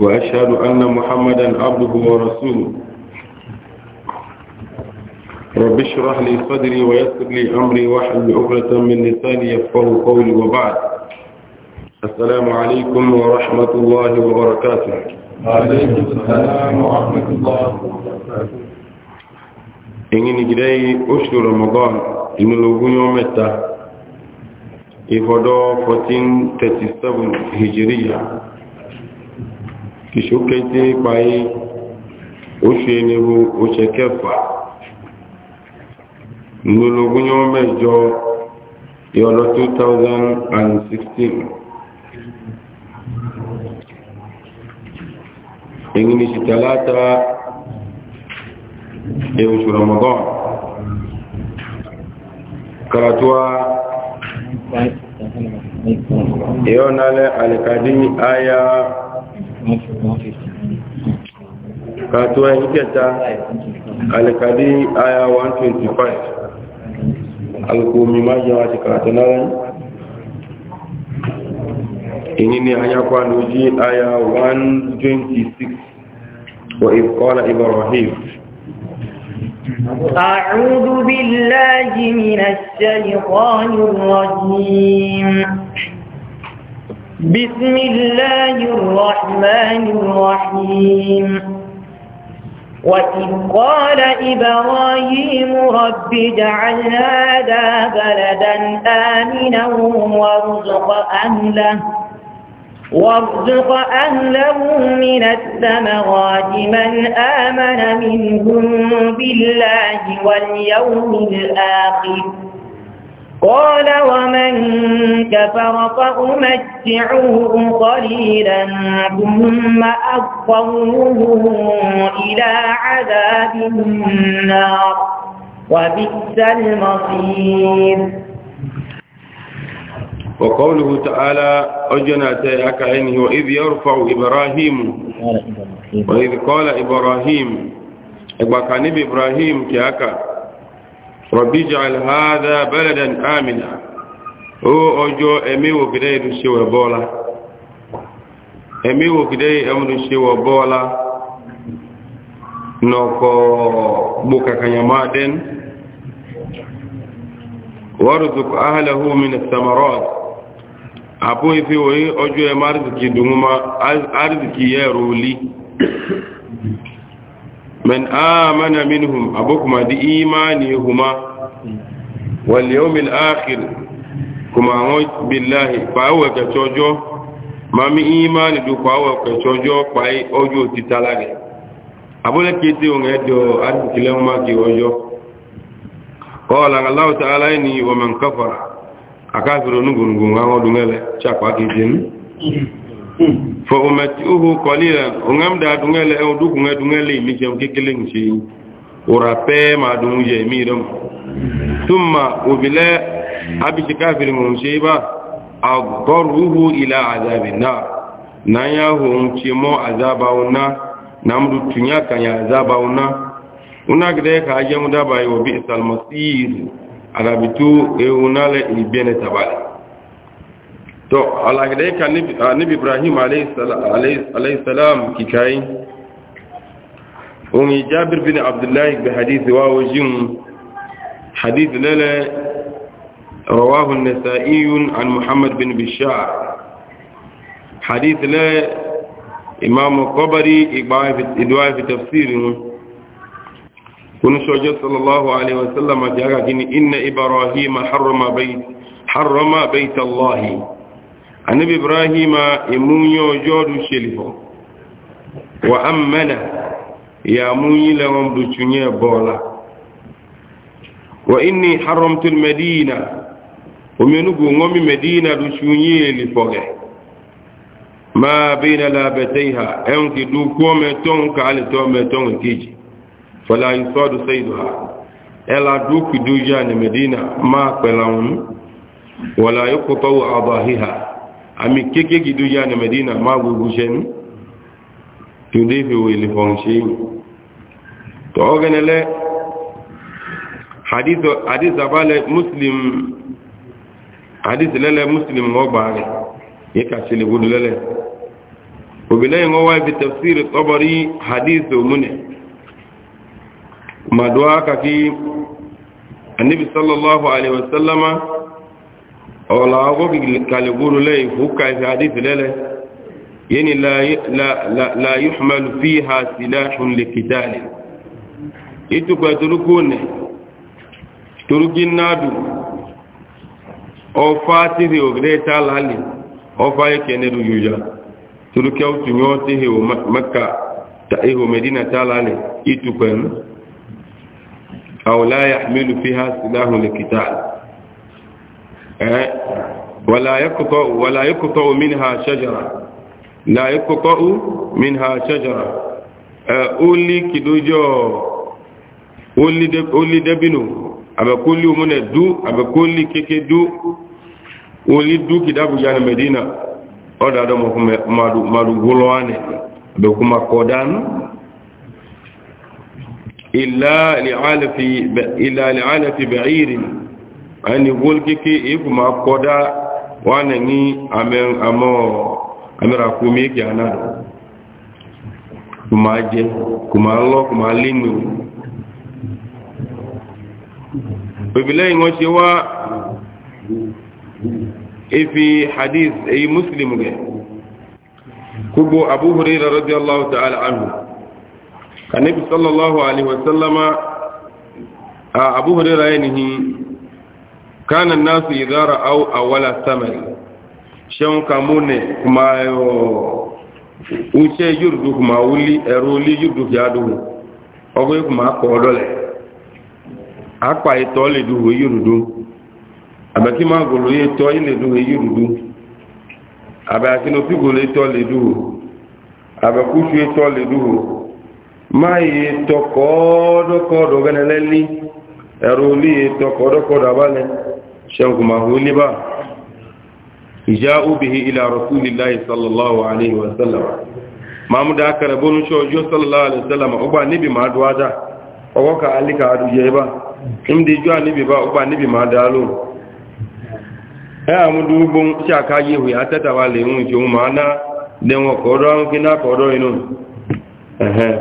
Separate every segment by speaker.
Speaker 1: وأشهد أن محمدا عبده ورسوله رب اشرح لي صدري ويسر لي أمري واحد عقدة من لساني يفقه قولي وبعد السلام عليكم ورحمة الله وبركاته عليكم السلام ورحمة الله
Speaker 2: وبركاته
Speaker 1: إنني جدي أشهر رمضان إن لوغون يوم إفضاء 1437 هجرية kìsókété payé oṣù eléwo oṣù kẹfà ńlọlọgúnyọ mẹjọ ìọlọ 2016 èyí ni ṣìtàláta oṣù ramadan karatuwa ìyọ́nalẹ̀ alikadi aya kàtọ́ ìkẹta alìkàdé aya 125 alìkòmí máa jẹ́ wá ti kàtọ́ náà ìní ni ayakwa lójí aya 126 wa ìkọ́lá ibrahim
Speaker 3: أعوذ بالله من الشيطان الرجيم بسم الله الرحمن الرحيم وإذ قال إبراهيم رب اجعل هذا بلدا آمنا وارزق أهله وارزق أهله من الثمرات من آمن منهم بالله واليوم الآخر قال ومن كفر فأمتعه قليلا ثم أضطره إلى عذاب النار وبئس
Speaker 2: المصير
Speaker 1: وقوله تعالى أجنا تيأك عينه وإذ يرفع إبراهيم وإذ قال إبراهيم إبقى إبراهيم تيأك رب اجعل هذا بلدا آمنا هو أجو أمي وكدي رشي وبولا أمي وكدي أمي رشي وبولا نوكو بوكا كنيمادن وارزق أهله من الثمرات أبو في وي أجو أم أرزقي دوما أرزقي يا رولي من آمن منهم أبوكما دي إيمانهما واليوم الآخر كما موت بالله فهو كتوجو ما من إيمان دو فهو كتوجو فهي أجو تتلاغي أبولا كيتي ونهدو أرد كلمة كي أجو قال الله تعالى إني ومن كفر أكافر نغنغن أعود ملك شاكوا كيتين fo umatiuhu qalilan ungam da dungale e eh, du kunga dungale mi jam kekele ngi ora pe ma dunje mi dum thumma ubila abiti kafir munsiba agdaruhu ila azabin nar na ya hun ci mo azaba una namdu tunya kan ya azaba una una gde ka jamu da bayo bi sal masir arabitu e eh, unale ibene tabale to alagade ka nabi ibrahim alayhi salam kikai ungi jabir bin abdullahi bi hadith wa wajim, hadith lala rawahu an-nasa'i an muhammad bin bishar hadith la imam qabari idwa fi tafsir kun shoja sallallahu alayhi wa sallam jaga kini inna ibrahim harrama bayt harrama bayt allah anibi ibrahima imunyo jodu shelifo wa ammana ya munyi lewon ducunye bola wa inni haramtu almadina omenugu ngomi medina ducunye lifoge ma baina labatayha enki du kome ton ka ali to me ton kiji fala yusadu sayduha ela du ki duja medina ma pelawun wala yuqtau adahiha ami kekeki do yana medina magugu shenu tudefe wele fonshi to ogenele hadith hadith abale muslim hadith lele muslim ngobare yeka sele gudu lele وبناء هو في تفسير الطبري حديث منه ما دعاك في النبي صلى الله عليه وسلم ọ̀la ọgọ́ kàlẹ̀gbòrò lẹ́yìn fòkà ìfẹ́ àdífì lẹ́lẹ́ yẹni láyé ṣùmọ̀lù fi ha sí láṣùn lè kìtàlì ìtùpẹ̀ torúkú nẹ̀ torúkí nádù ọfá tíhe ògìrẹ́ tààlálì ọfá ikẹ̀ nẹ́rù yóò torúkẹ́ òtùyọ́ tíhe mẹ́ka ihò mẹ́dínà tààlálì ìtùpẹ̀ nù àwòláyà mẹ́lù fi ha sí láṣùn lè kìtàlì eh wala yaqta'u wala yaqta'u minha shajara la yaqta'u minha shajara eh uli kidojo uli de uli debinu abe kuli umune du abe kuli keke du uli du kidabu yana medina oda do mo madu madu gulwane be kuma kodan illa li'alafi ba'irin ani wol keke iguma koda wane ni ame amo amira kumi ki ana kuma je kuma lo kuma linu bibile ngo se wa ifi hadith ay muslim ge kubo abu hurairah radiyallahu ta'ala anhu kanabi sallallahu alaihi wasallama abu hurairah yanihi kana nasu idara au awala samari shan kamune kuma yo uche yurdu kuma wuli eruli yurdu ya du ogo kuma ko dole apa ito le du yurdu abaki ma golo ye to ile du yurdu abaki no pi golo to le du abaku shu to le du mai to ko do ko do ganeleli eruli to ko do ko shanku ma huli ba ija'u bihi ila rasulillahi sallallahu alaihi wa sallam mamu da aka rabu nusho jo sallallahu alaihi wa sallam uba nibi ma duwa da owo ka alika adu je ba imdi jo nibi ba uba nibi ma dalo e amudu gbon sha ka yehu ya tata wa le ma na de won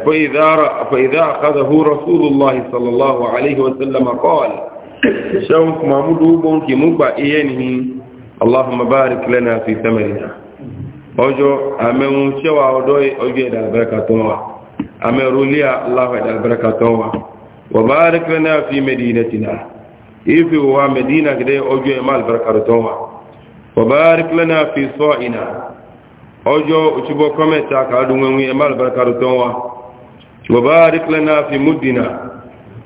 Speaker 1: فإذا أخذه رسول الله صلى الله عليه وسلم قال شوك محمود وبون كي مبا ايني اللهم بارك لنا في ثمرنا ojo amehun sewa odo ojo da baraka to wa amerulia allah da baraka to wa wa barik lana fi madinatina ifi wa medina gide ojo e mal baraka to wa wa barik lana fi sa'ina e fi mudina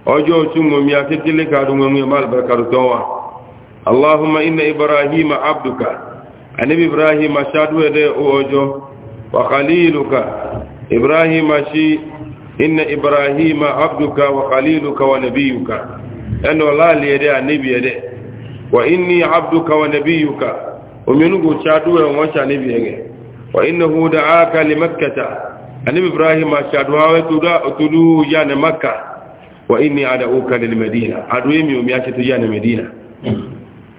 Speaker 1: ojo tungo mi akekele ka dungo mi mal barkatu towa allahumma inna ibrahima abduka anabi ibrahima shadu de ojo wa khaliluka ibrahima shi inna ibrahima abduka wa khaliluka wa nabiyuka eno lali de anabi de wa inni abduka wa nabiyuka umenugo shadu wa e wacha nabi yenge wa innahu da'aka li makkah anabi ibrahima shadu hawe tudu ya ne makkah wa inni ad'uka lil madina aduwe mi omi ake tuja na medina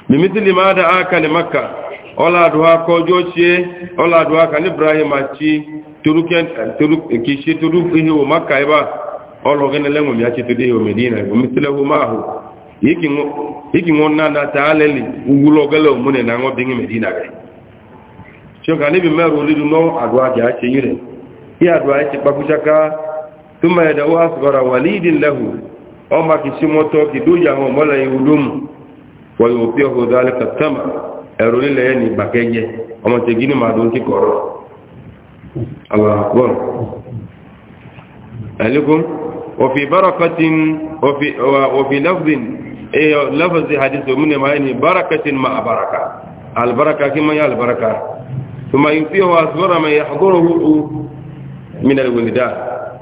Speaker 1: mi mithili ma da'aka li makka ola aduwa ko jochie ola aduwa ka ibrahim achi turuken turuk kishi turuk ihi o makka iba olo gene lengo mi ake tuja o medina wa mithlahu ma'hu yiki ngo yiki ngo na na ta'aleli ugulo gele mune na ngo bingi medina ga shoka ni bi meru lidu no aduwa ke achi yire ya aduwa ke pakuchaka ثم يدعو أصغر وليد له أما كسموتو كدوجا هم ولا يولوم ويوفيه ذلك التمر أرولي لأني بكيجي أما تجيني ما دون كورو الله أكبر أهلكم وفي بركة وفي, وفي لفظ إيه لفظ حديث من ما يعني بركة مع بركة البركة كما هي البركة ثم يوفيه أصغر ما يحضره من الولدان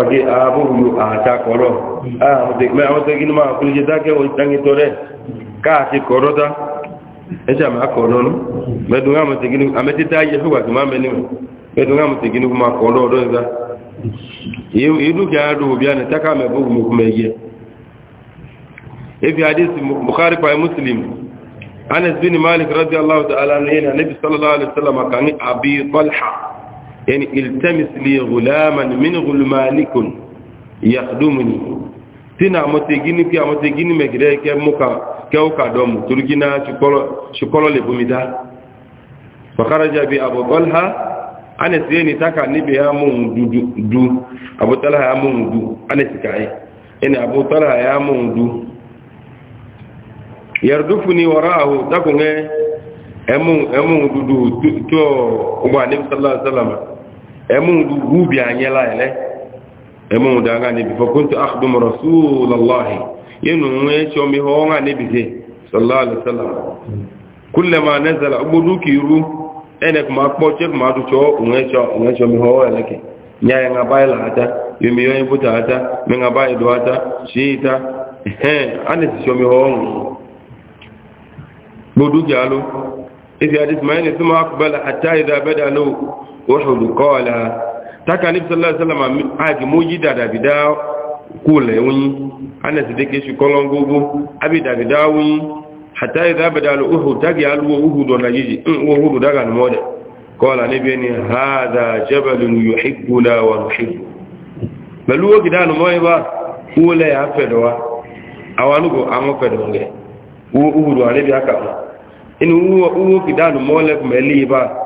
Speaker 1: ọdí àbúrú àtakọ̀rọ̀ àwọn tẹ́gí ní máa kúrò jẹ́ dákẹ́ òjìdáńgítọ́ rẹ̀ káàkiri kọ̀rọ̀ dá ẹjẹ́ àmì akọ̀rọ̀ nù mẹ́dùn àmẹ́tẹ́tẹ́ ayé fún wàtí máa mẹ́ni mẹ́dùn àmẹ́tẹ́gí ní máa kọ̀rọ̀ ọ̀rọ̀ ẹ̀dá ìdúkẹ́ àádọ́ òbí àná tákà mẹ́bùrú mú kúmẹ̀ yẹ ebi hadith bukhari pa muslim anas bin malik radiyallahu ta'ala anhu nabi sallallahu alaihi wasallam kan abi talha يعني التمس لي غلاما من غلمانك يخدمني تنا متجيني كي متجيني مغري كي موكا كيو كادوم تركينا شكولو شكولو لبوميدا فخرج بي ابو طلحه انا سيني تاكا نبي يا مون دو دو ابو طلحه يا مون دو انا سكاي ان ابو طلحه يا مون دو يردفني وراءه دكون امون امون دو دو تو ابو عليه الصلاه والسلام emundu gubi anyela ele emundu anga nebi fa kuntu akhdum rasulullah yenu nwe chomi ho nga nebi ze sallallahu alaihi wasallam kullama nazala ubudu kiru ene kuma kpo che kuma du cho nwe cho nwe chomi ho ele nya nga baila ata yemi buta ata nga bai ata shita ane ho budu jalo وحد قال تكا نبي صلى الله عليه وسلم آجي موجي دادا بدا كولي وني أنا سيديكي شكولون غوغو أبي دا بدا وني حتى إذا بدا لأهد تاكي ألو أهد ونجيجي أهد داكا نمودة قال نبي هذا جبل يحبنا ونحبه بلو وكدا نموي با كولي أفدوا أوانوكو أمو فدوا أهد ونبي أكا إنه هو أهد كدا نمولك مليبا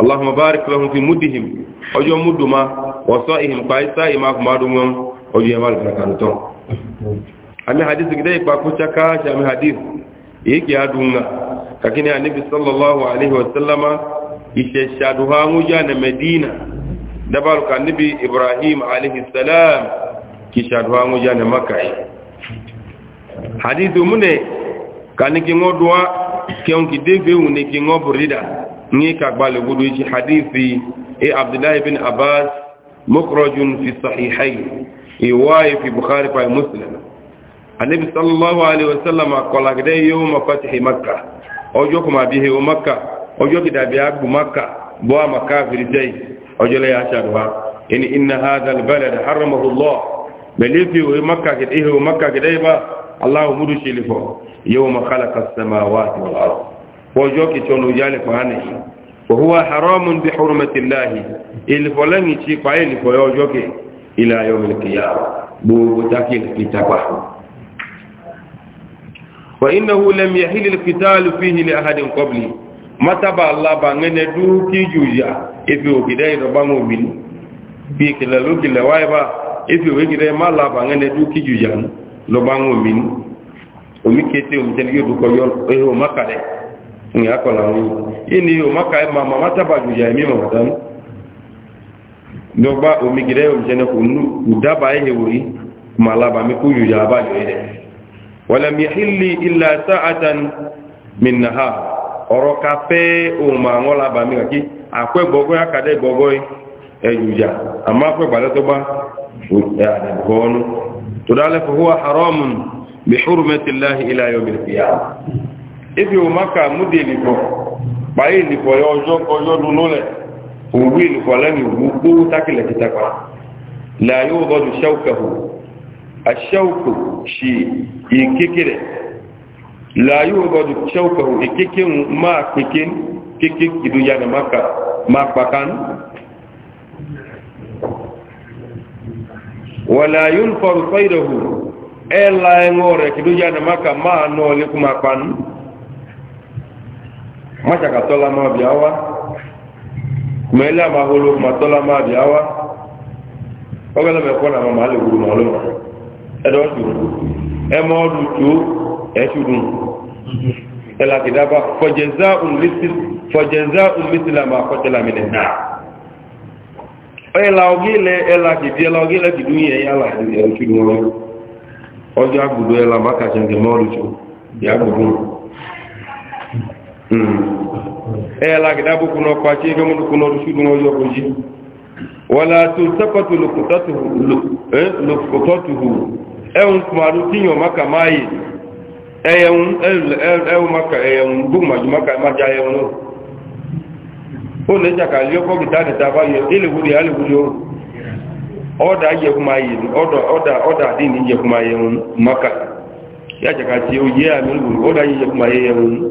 Speaker 1: اللهم بارك لهم في مدهم أجو مدما وصائهم قائسا إما كمادهم أجو يمال بركانتهم أمي حديث كده يبقى كشكاش أمي حديث يكي أدونا لكن النبي صلى الله عليه وسلم يشهدها مجان مدينة دبالك النبي إبراهيم عليه السلام يشهدها مجان مكة حديث منه كان كي نودوا كي نكي دفعوا نكي نوبريدا ni ka gbale gudu ci hadisi e abdullahi bin abbas mukrajun fi sahihai iwaye fi bukhari fa muslim annabi sallallahu alaihi wasallam akola gade yawma fathi makkah ojo kuma bihe o makkah ojo kida bi agu makkah bo ma kafiri dai ojo le ya shadwa in inna hadha albalad haramahu allah balifi o makkah kida o makkah kida ba allah mudu shilifo yawma khalaqa as-samawati wal وجوك تونو جالي فاني وهو حرام بحرمة الله اللي فلان يشي قايل فيوجوك إلى يوم القيامة بوتاكي الكتابة وإنه لم يحل القتال فيه لأحد قبلي متى الله بانين دوكي جوجا إفي وكداي ربان ومن بيك للوكي لوايبا إفي وكداي ما الله بانين دوكي جوجا لبان ومن ومكيتي ومتنجي دوكو يول إيه ومكالي ní akọ̀lá wọn yìí ni o maka ẹ̀ máa máa tábàjù ìyá ẹ̀mí màmá ní ọgbà omi gẹ̀rẹ́ kò nú ìdábà ẹ̀yẹ wòrí ma lába kú yìí yàrá báyìí ẹ̀dẹ̀ wọlẹ̀ mi ilẹ̀ àtàn ọ̀rọ̀ ka fẹ́ ohun máa ń lába kàkí àpẹ́ gbọ́gbọ́ gbọ́gbọ́ àmọ́ àpẹ́ ebi o maka múdé nìkọ̀ báyé nìkọ̀ yọ ọjọ́ ọjọ́ dúnú lẹ̀ òwú nìkọ̀ lẹ́nu òwú gbówó tákìlẹ̀ ti tapa láyé ó lọ́dún ṣẹ́ùkẹ̀hù aṣẹ́ùkù ṣe ìkékeré láyé ó lọ́dún ṣẹ́ùkẹ̀hù ìkékeré máa pèké kéké ìdúyà maka máa pàkán wàlá yóò fọrù fẹ́ ìdọ̀hù ẹ̀ láyé ń wọ̀ rẹ̀ maka máa nọ ọlẹ́kùn máa pàánù mọ́ṣàkà tọ́lá máa bì á wá mẹ́lẹ́ àmàhóró ma tọ́lá máa bì á wá ọgbẹ́lẹ́ mẹ́kọ́ náà máa lè wúrú màálù ẹ̀dọ́ tù ẹ mọ́ ọdún tó ẹ̀ ṣùdùn ẹ̀là kìdába fọ̀jẹ̀zá òmìsílà máa kọ́tẹ́lá mi nẹ̀ náà ẹ̀là ọgílẹ̀ ẹ̀là kìdí ẹ̀là ọgílẹ̀ kìdú yẹn yálà ẹ̀ ṣùdùn ọjọ́ àgbùdó ẹ̀là mákàṣẹ̀ ń ẹ̀yàlá gìdábò kùnà ọkọ̀ àti ìjọmọ́dún kùnà ọdúnṣùdún ọjọ́ kò jí wọ́la tó sẹ́pẹ̀tù lòkòtọ́tùhù ẹ̀hùn kùmàrú tíyàn maka máyì ẹ̀yẹ̀hùn gbùmàjú maka májá ẹ̀hùn náà ó lè jàkàlí ọkọ̀ gìdáàdì maka eh, eh, um. oh,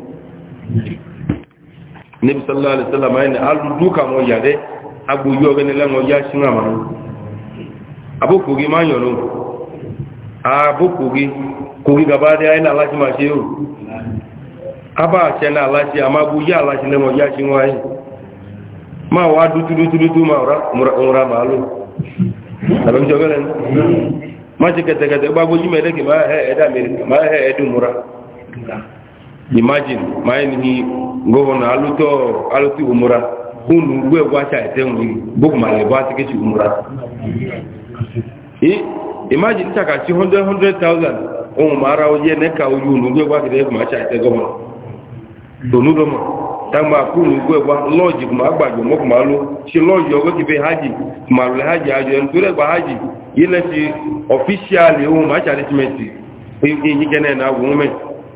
Speaker 1: nebi sallallahu alaihi wasallam ayi alu ka mo ya agbo yo gene la ya ma aboko gi ma yo lo aboko gi gaba de ayi la lati ma se aba se na ama ya ala le mo ya singa ayi ma wa du du ma ora ora ma ma kete kete ba me de ki ma he eda ma he edu mura imagine ma ni gona aluto aluti umura hun gwe gwa cha eten bug ma le gwa tike shi umura i eh? imagine ta ka shi 100 100000 on mara oje ne ka oju nu gwe gwa kide ma cha do nu do mo ta ma ku nu ma mo haji ma haji ajo en haji yi na wo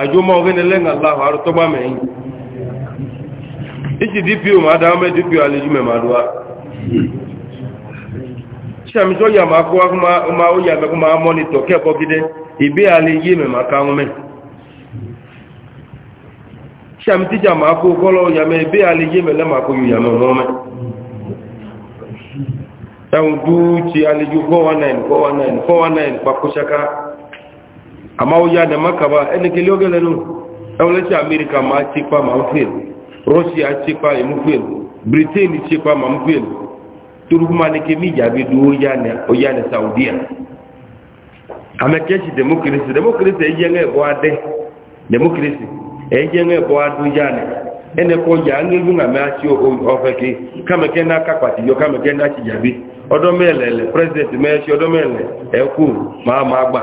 Speaker 1: àjọmọ́ ọgbẹ́ni lẹ́nà aláwọ̀ arọ́ tọ́gbà mẹ́yìn ìṣì dpo ma dáwọn mẹ́ dpo alẹ́jú mẹ́màdúwá ṣàmìṣọ́ yà máa kó wá ó yà mẹ́kún máa mọ́nitọ̀ kẹ́ẹ̀kọ́ gídẹ́ ìbí alẹ́yé mẹ́mà káwọn mẹ́ ṣàmìtíjà máa kó kọ́lọ́ yà mẹ́ ìbí alẹ́yé mẹ́lẹ́mà kó yù yà mẹ́ mẹ́ ẹ̀hùn dúú ti alẹ́jú 419 419 419 pakó amma wuya da maka ba ɗan ke liyo galenu ɗaulaci amerika ma ce kwa ma mafiyar russia ce kwa ya mafiyar britain ce kwa ma mafiyar turkuma ne ke mija bi duwo ya ne saudiya amẹ́kẹ́sì demokirisi demokirisi ẹ̀yẹ́ ń ẹ̀bọ́ adé demokirisi ẹ̀yẹ́ ń ẹ̀bọ́ adújá ni ẹnẹ kọ yà ń gbẹ́gbẹ́ àmì àti ọ̀fẹ́ kí kàmẹ́kẹ́ náà kápàtì yọ kàmẹ́kẹ́ náà ti jàbí ọdọ́ mẹ́lẹ̀ president mẹ́ẹ̀ṣẹ́ ọdọ́ mẹ́lẹ̀ ẹ̀kú máa máa gbà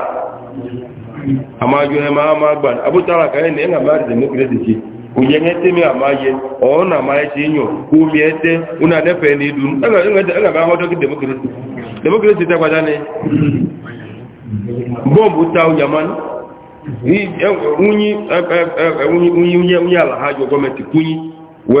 Speaker 1: ama yo ma ma gba abutara ka ni na ba de mukire de ji uye na e ti yo mi ete una de fe ni du nga nga nga ba ho to ki democracy democracy ta kwada dị bombu ta o yaman ni unyi unyi ala we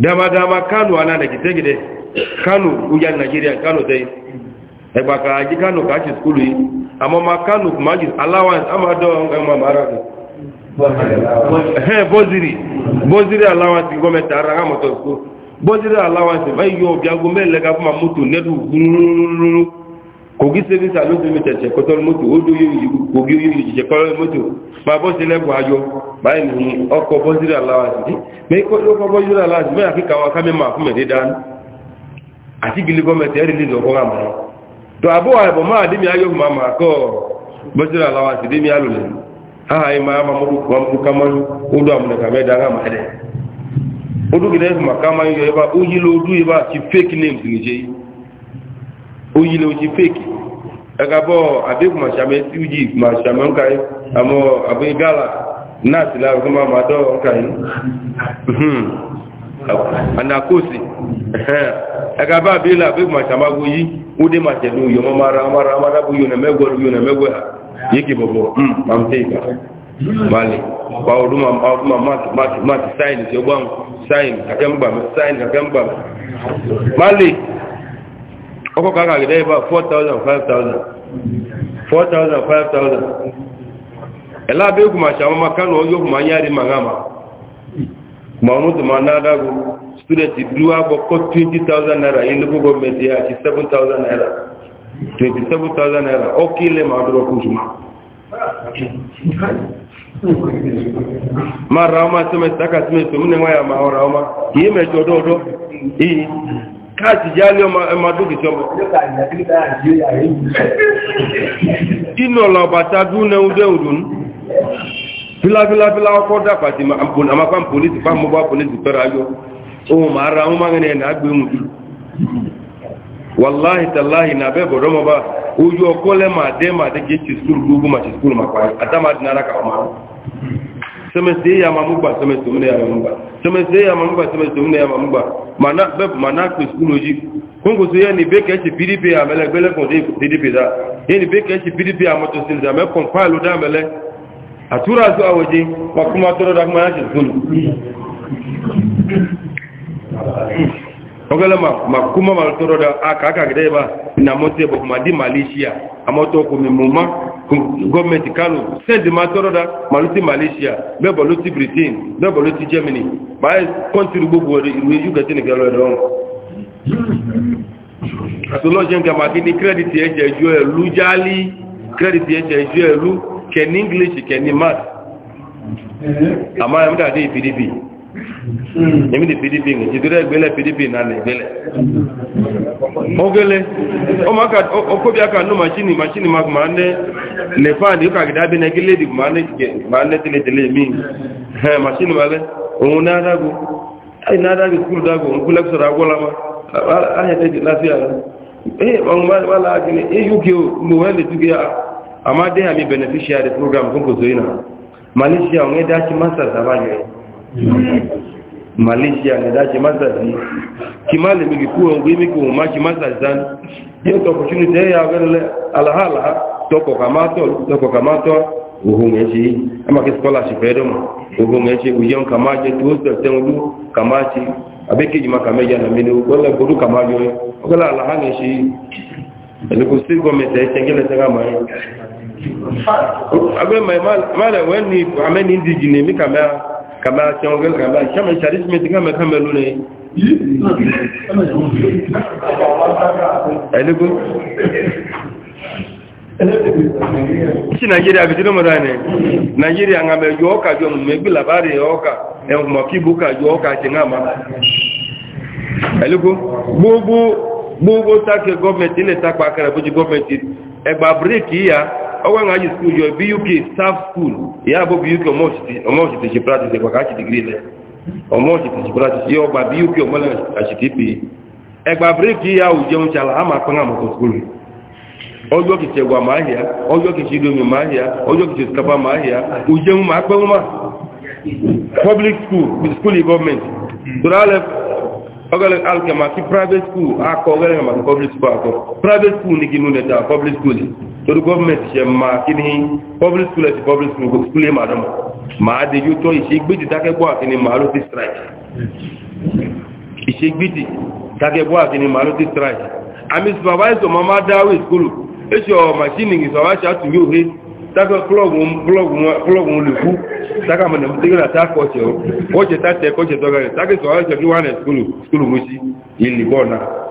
Speaker 1: dama dama kano ana da gite gide kano uyan nigeria kano dai ẹgbà ka ají kano ka ṣe skulu yìí àmọ́ ma kano ma jù allowance a ma dọ́ ẹgbà mara ni. ẹ̀hẹ́ bọ́zìrì bọ́zìrì allowance gọ́mẹ̀tì ara ha mọ̀tọ̀ skulu bọ́zìrì allowance ma yọ ọ̀bí agbó mẹ́lẹ́gá fún ma mọ́tò nẹ́dù gbúrúrúrú kogi service alo fi mi tẹsẹ kọtọ moto o do yoyi kogi yoyi jijẹ kọlọ moto ma bọ sílẹ bu ayọ báyìí ni ọkọ bọ sílẹ aláwa sí mẹ kọ ló fọ bọ sílẹ aláwa sí mẹ àfi kàwọn akámi máa fún mẹdé dání àti gili gọmẹtì ẹrí lílọ fún àmọ tó àbọ àbọ máa dé mi ayọ fún àmọ àkọ bọ sílẹ aláwa sí dé mi alò lẹ aha yìí máa máa mọdún máa mọdún kámá ó do àmọ nàkàmẹ dá hàn máa dẹ ó dúkìá yìí fún àkámá yìí yọ yìí bá ó yí lóodu yìí bá ti fake name kìí oyile fake feki agabo abeku mashame ti uji mashame nkai amo abe gala nati la kuma mado nkai mhm anakosi agaba abila abeku mashame agoyi ude mashelu yo mara mara mara bu yo na megwa yo na megwa yiki bobo mhm amteika mali kwa huduma huduma mati sign sio bwangu sign kakemba sign ọkọ̀ kàkà gẹ̀dẹ́ ìbá 4,000 5,000 4,000 5,000 ẹ̀lá bí i kùmà ṣàwọn makánù ọjọ́ kùmà yáre ma ńgá ma kùmà ọ̀nà tó ma náàdágún student blue agbọ́ kọ́ 20,000 naira yìí ní gbogbo mẹ́tẹ́ àti 7,000 naira 27,000 naira ó kí ilẹ̀ ma dúró kùsù ma ma ra ọmọ sẹ́mẹ̀tì tákà sẹ́mẹ̀tì tó múnẹ̀ wáyà ma ọ̀ra ọmọ kìí mẹ́jọ ọdọ́ọdọ́ káàtì jẹ́ alẹ́ ọmọ dókìtì ọmọ inú ọ̀la ọ̀bàtà dúnẹ̀ ń dẹ́ òdùn fíláfíláfílá ọkọ̀ dàpàtì àmàpá pòlìsì fáwọn mọ́bá ayọ́ ohun ma ara wọn mọ́rin ẹ̀nà agbé mú wàláhì tàláhì nà bẹ́ semese ya mamugba semese mune ya mamugba semese ya mamugba semese mune ya mamugba mana bep mana ko skulu ji kongo so ya ni be ke ti pdp amele gbele kon de pdp da ye ni be ke ti pdp amoto sil da me compile da amele atura zo awoje wa kuma toro da kuma ya ti skulu ogele ma ma kuma ma toro da aka aka gide ba na mote bo ma di malaysia amoto ko mi muma gọọmenti kano send ma tọrọda ma ló ti malaysia mẹbọ ló ti britain mẹbọ ló ti germany ma ẹ kọntiri gbogbo ẹrẹ ìlú ẹjú kẹtí nìkan lọ ẹrọ àtúnlọ́jẹ́ nǹkan màkí ní kírẹ́dìtì ẹ̀jẹ̀ ẹ̀jú ẹ̀lú jálí kírẹ́dìtì ẹ̀jẹ̀ ẹ̀jú ẹ̀lú kẹ̀ ní english kẹ̀ ní math àmọ́ ẹ̀mí dàdé pdp Hmm. èmi ni pdp ní ìdúró ẹgbẹ́lẹ̀ pdp náà ní ìgbẹ́lẹ̀ ogele okobi aka nù machini machini ma ma ní lè fáàdì ó kàgídá bí nẹ́gí lédì ma ní tẹ́lẹ̀tẹ́lẹ̀ mí ẹ̀ machini ma lẹ́ òun náà dágó ayi náà dágó kúrò dágó program masters àbájọ malaysia ni da ṣe masters ni kí má lè mìí kú ọ̀gbé mìí ma ṣe masters dání yóò tọ́ opportunity ẹ̀yà abẹ́rẹ́lẹ́ alahala tọkọ̀ kàmátọ́ ohun ẹ̀ṣe amáké scholarship ẹ̀dọ́mù ohun ẹ̀ṣe òyìn kàmá jẹ tó tẹ̀wọ́dú kàmá ṣe abẹ́kejì ma kàmá yà nàmínú gbọ́lẹ̀ gbọ́dú kàmá kama tiɲɛ gɛlɛ kama sɛmɛ sari sɛmɛ ti kama kama lu ne ale ko si nigeria bi tinu mara ne nigeria nga mɛ yɔ ka jɔ mɛ gbi labari yɔ ka ɛn kuma k'i bu ka jɔ ka tiɲɛ ma ale ko gbogbo gbogbo ta kɛ gɔmɛnti ne ta kpa kɛrɛ ko ti gɔmɛnti ɛgba ọwọ́ ẹ̀wọ̀n ayé skul yọ buk staff school ìyá àbọ̀ buk ọmọ òṣìṣẹ́ ṣe practice ẹ̀kọ́ káàkiri degree lẹ̀ ọmọ òṣìṣẹ́ ṣe practice yọ ọba buk ọmọlẹ̀ àṣìṣẹ́ pé ẹgbà bírèkì yà ó jẹun ṣàlà á máa pẹ́ńgà mọ́tò skul ọjọ́ kìí ṣe wà máa hìá ọjọ́ kìí ṣe domi máa hìá ọjọ́ kìí ṣe skapa máa hìá òjẹun máa pẹ́ wọ́n máa public school school government tó rálẹ̀ ọgọ́lẹ̀ alkema sí private school akọ ọgọ́lẹ̀ màkì public school akọ private school ni kí nú public school torí gọ́ọ̀mẹ̀tì ṣe máa kí ní public school ẹ̀sì public school ẹ̀ máa ma máa dé yóò gbiti ìṣègbèjì dákẹ́gbọ́ àfihàn máa ló ti strike ìṣègbèjì dákẹ́gbọ́ àfihàn máa ló ti strike àmì supervisor máa máa dáwé ìskúlù èṣù ọ̀ machine ìṣọ̀wáṣà tù yóò he dákẹ́ plọ́ọ̀gù lè kú dákẹ́ àmọ̀nà tẹ́gẹ́lá tákọ̀ọ̀ṣẹ̀ ọ̀ṣẹ̀ tá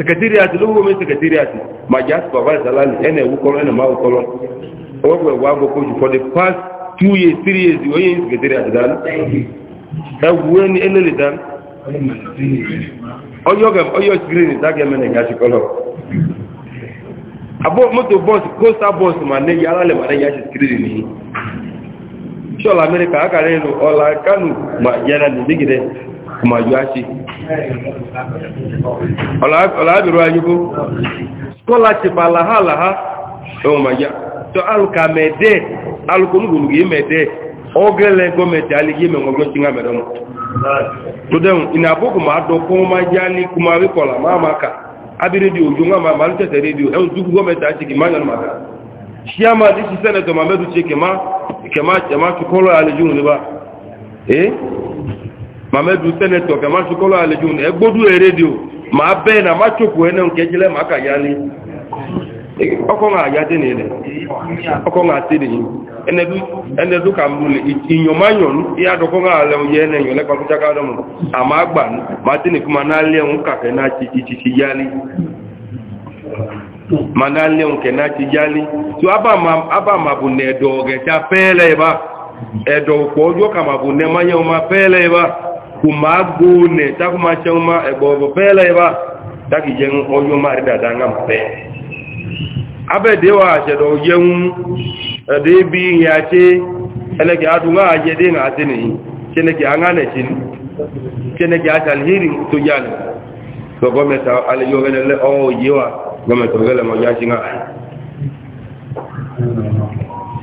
Speaker 1: sekretariat lówó mi sekretariat maja supervisor lani ẹnna ewu kọlọ ẹnna mawu kọlọ ọwọ́ pẹ̀ wá gbọ́ kójú for the past two years three years wọ́n yẹn sekretariat dání ẹwu ẹni ẹni lè dání ọyọ gẹm ọyọ green dagẹ mẹnẹ gàtsi kọlọ abo moto bus coaster bus ma ne yàrá lẹ ma ne yàtsi green nìyí sọlá amẹrika akara yẹn lọ ọlà kánò ma yàrá nìyí dẹ. kumaju achi ọlabiru anyugo scholarship alaha alaha ọmaja to aluka mede mede ogele gọọmenti aligi mere na ma adọkọ ma ji kuma wikọla ma amaka abi redio ojo nwa ma redio gọọmenti gị maka senetọ ma kema kema alijunwu a mamedu sẹ́nẹ̀tọ̀ kẹ máa ṣukọ́lọ́ àlejò ẹgbódú rédíò máa bẹ́ẹ̀ na máa ṣòkò ẹnẹ́ kẹjílẹ̀ máa kàyà ní ọkọ̀nà àyádé ní ilẹ̀ ọkọ̀nà àti ní ẹnẹ́dú ka mú ìyọ̀máyọ̀n ìyádọ̀kọ́nà alẹ́ oyẹ ẹnẹ́yàn lẹ́kọ̀ọ́kúnjákádọ́mù àmà àgbà máa tí nìkú ma náà lẹ́hùn kàfẹ́ náà ti ìtìtì yálé ma náà lẹ́hùn kẹ náà ti yálé tí abàmàbù nẹ̀ẹ̀dọ̀ ọ̀gẹ̀ kuma gone ta kuma can ma ebobo fele ba ta ki jen oyo ma rida da ngam pe abe de wa se do yen de bi ya ce ele ki kene ki anga kene ki atal jan to go me ta le o yiwa go me to gele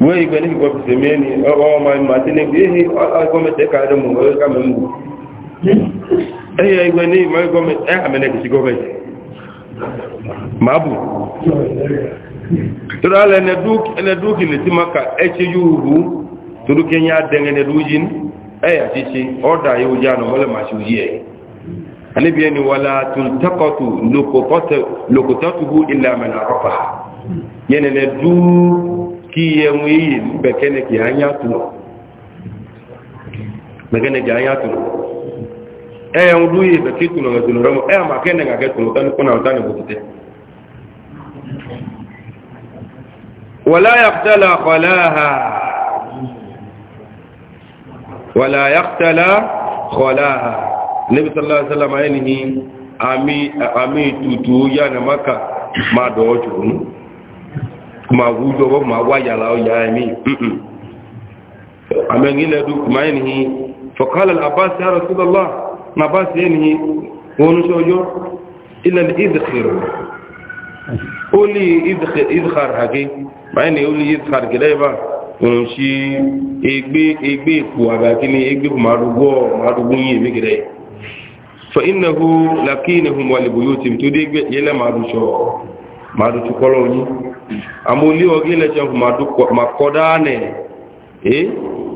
Speaker 1: wee igwe n'ihi mee ni ọma ma tinegbu ehi gọọmenti ka adị mụ ka me mgbu ehi igwe n'ihi ma gọọmenti eha mere gị gọọmenti ma bụ tụrụ ala eneduki leti maka eche ya tụrụ ọda ya ilẹ̀ yẹnẹ̀lẹ̀ dúú kí ẹ̀wọ̀n èyí mẹ̀kẹ́nìkì ayátùnù ẹ̀yàn ọdún yìí bẹ̀kí tùnà ẹ̀tùnà rẹ̀ mọ́ ẹ̀yà máa kẹ́nìkà kẹ́tùnà tánukúnà tánukú tẹ́ wàlá yàktàlá kọláhà wàlá yàktàlá kọláhà níbi sallallahu alaihi wasallam ayé nìyí àmì ìtùtù yánà maka máa dọ̀ọ́ jùlọ kuma wujo ko kuma waya la ya mi amen ni ledu kuma ni fa qala al abbas ya rasulullah ma abbas ni wonu sojo illa al idkhir oli idkhir idkhar hage ma ni oli idkhar gideba wonu shi egbe egbe ku aga kini egbe kuma rugo ma rugo yin mi gide fa innahu lakinahum wal buyutim tudegbe yele ma du so ma du tukolo yin amuli ogile chafu maduko makodane eh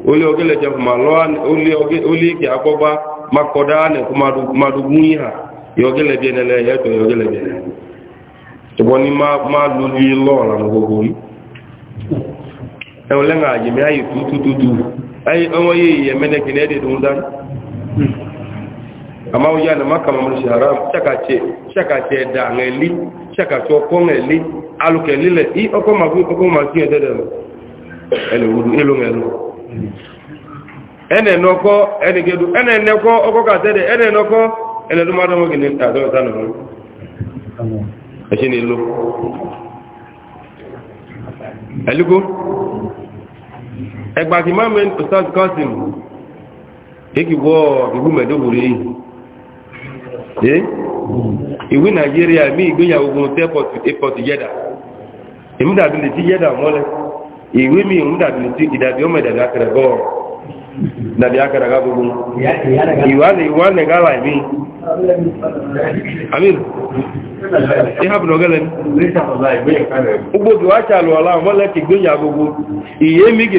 Speaker 1: uli ogile chafu maloane uli uli ki akoba makodane kumadu madugunya yogile bienele yeto yogile bienele tuboni ma ma luli lola ngogoyi e olenga ajime ayi tutu tutu ayi onwo yi yemene kinede dundan ama o yana makama mun sharam chakache chakache da ngeli chakache ko alùkẹ̀ lílẹ̀ í ọkọ́ màá ọkọ́ màá kí ẹ̀dẹ́dẹ̀ lọ ẹlẹ́wùdú ìlúmẹ̀lú ẹnẹ̀nọ́kọ́ ẹnìkẹ́dù ẹnẹ̀nẹ́kọ́ ọkọ́ kàtẹ́dẹ̀ ẹnẹ̀nọ́kọ́ ẹlẹ́dùmọ́dọ́mọ́gìnì ìwé nàìjíríà mí ìgbéyàwó ogun tẹ́pọ̀tù yẹ́dà ìmúdàbí lè ti yẹ́dà mọ́lẹ̀ ìwé mi ìmúdàbí lè ti ìdàbí ọmọ ìdàbí akẹrẹ bọ́ọ̀ dàbí akẹrẹ ká gbogbo ìwà lè gá láì ìhàbùn ọgẹ́lẹ̀ mi gbogbo wá ṣàlù ọ̀la mọ́lẹ̀ ti gbéyàwó ogun ìyé mi tí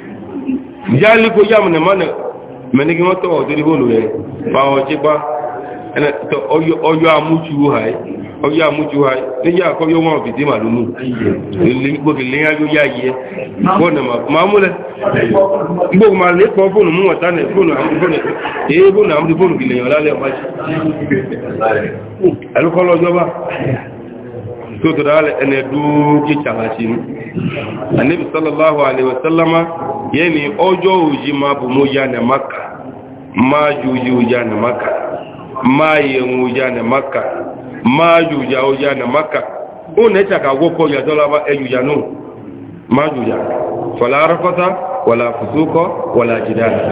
Speaker 1: njali ko yam ne mane mene ki moto o tiri bolu e pa o ti pa ene to oyo oyo amuju hai hai ni ya ko yo mo bi ni ya ye ko ma mamule bo ma le ko mu am e bo na am la le ma ko lo tó tó dáa lẹ ẹnẹ dúkì tàlàṣì ní anabi sallallahu alaihi wasallama sallama yẹ ni ọjọ́ òjì máa bù mú ya ní maka máa ju ojú ní maka máa yẹ ń ní maka máa ju ojú ní maka ó nẹ́ tsaka wọ́pọ̀ yàtọ̀ lọ́wọ́ ẹ̀jú ya nù máa ju ya fọlá arọ́kọ́ta wọlá fùsùkọ́ wọlá jìdá àti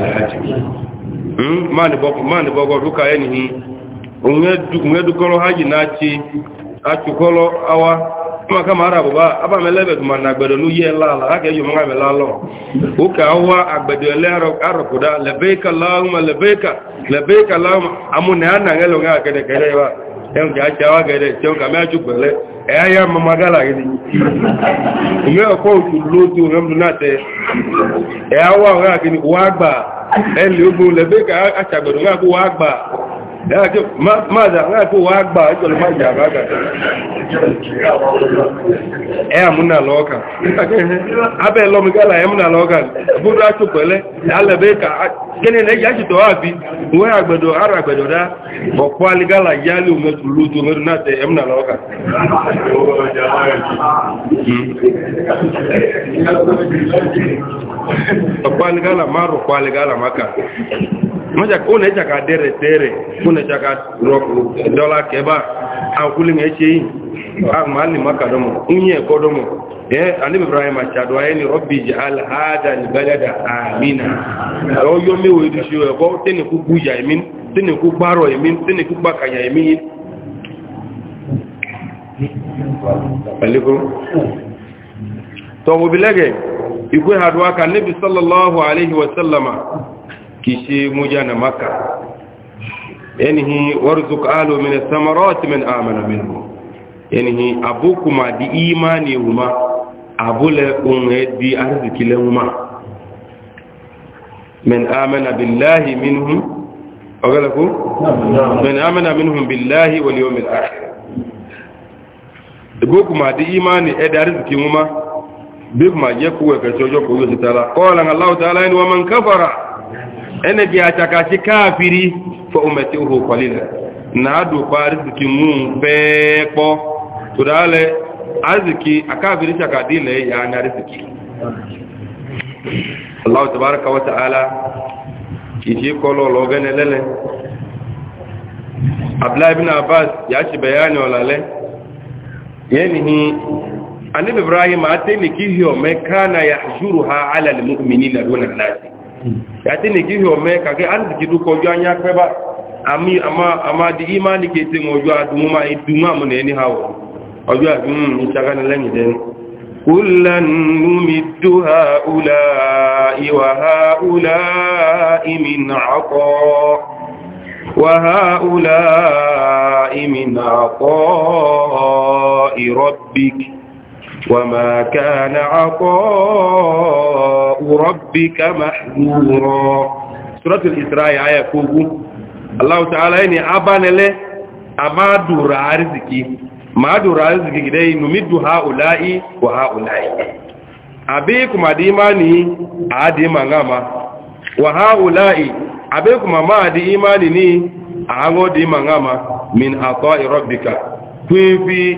Speaker 1: máa nìbọ́kọ̀ dúkà ẹni òun atukɔlɔ awa kuma kama arabu ba aba mɛ lɛ bɛtuma na agbɛdɔ nu yɛ awa agbɛdɔ lɛ arabu da lɛbɛyika laawuma lɛbɛyika lɛbɛyika laawuma amu na ana ŋɛ lɛ ŋa kɛdɛ kɛdɛ wa ɛn ya e mama ga la kɛdɛ ŋɛ kɔ otu loto ŋɛ mu na tɛ ɛya wa ŋa kɛdɛ wa maza nga ko wa gba jole ma ja ba ga e amuna loka abe lo mi gala e amuna loka bu da to pele ale be ka kene ne ya to abi we agbedo ara agbedo da o ko ali gala ya lu me na te amuna o ko ali maro ko ali gala maka maja ko ne ja ka dere kuna chaka dola keba au kule ngeche hii mali makadomo unye kodomo eh alim ibrahim achado ayeni rabbi ja'al hada albalada amina o yomi wo idishu e ko teni ku buja emin teni ku gbaro emin teni ku gbakanya emin alikum to wo bilege ikwe hadwa kan nabi sallallahu alaihi wasallama kishi mujana makkah yanihi warzuk alu min samarati min amana minhu yanihi abukuma di imani huma abule unhe di arziki le huma min amana billahi minhum ogala ko min amana minhum billahi wal yawmil akhir abukuma di imani e da arziki huma bikuma je kuwe ka jojo ko yusitala qala allah ta'ala wa man kafara ẹnẹ̀bí àtàkàtí káàfìrí fọ́ ọmọ̀tí òhò kọlílẹ̀ náà dùpa rìsìkì mú pẹ́ẹ̀pọ́ tó dáálẹ̀ azìkì àkáàfìrí ṣàkàdí ilẹ̀ ya ní rìsìkì aláwọ̀ tàbárakà wata ala ìṣe kọlọ̀ lọ́gẹ́nẹ lẹ́lẹ́ abdullahi bin abbas ya ṣe bayani ọ̀làlẹ́ yẹ́nìhì anib ibrahim atẹ́nìkì hìọ́ mẹ́kánà yà jùrù ha alàlẹ́ mú yàtí nìkí hìọ mẹ́ kàkẹ́ alìsìkì dúkọ ojú anyá pẹ́bá àmì àmàdì ìmáàlì kéte mọ̀ ojú àdúnmọ́ ìdúnmọ́ àmúnà ẹni ha wọ̀ ojú àdúnmọ́ ìṣàkánà lẹ́yìn dẹni kúlànùmìdú ha ula ìwà وهؤلاء من عطاء ربك وما كان عطاء ربك محظورا سورة الإسراء آية كوبو الله تعالى إني أبان له أما دور عرزكي ما دور عرزكي كده نمد هؤلاء وهؤلاء أبيكم أديماني أديما غاما وهؤلاء أبيكم ما أدي إيماني أغو ديما غاما من عطاء ربك كيفي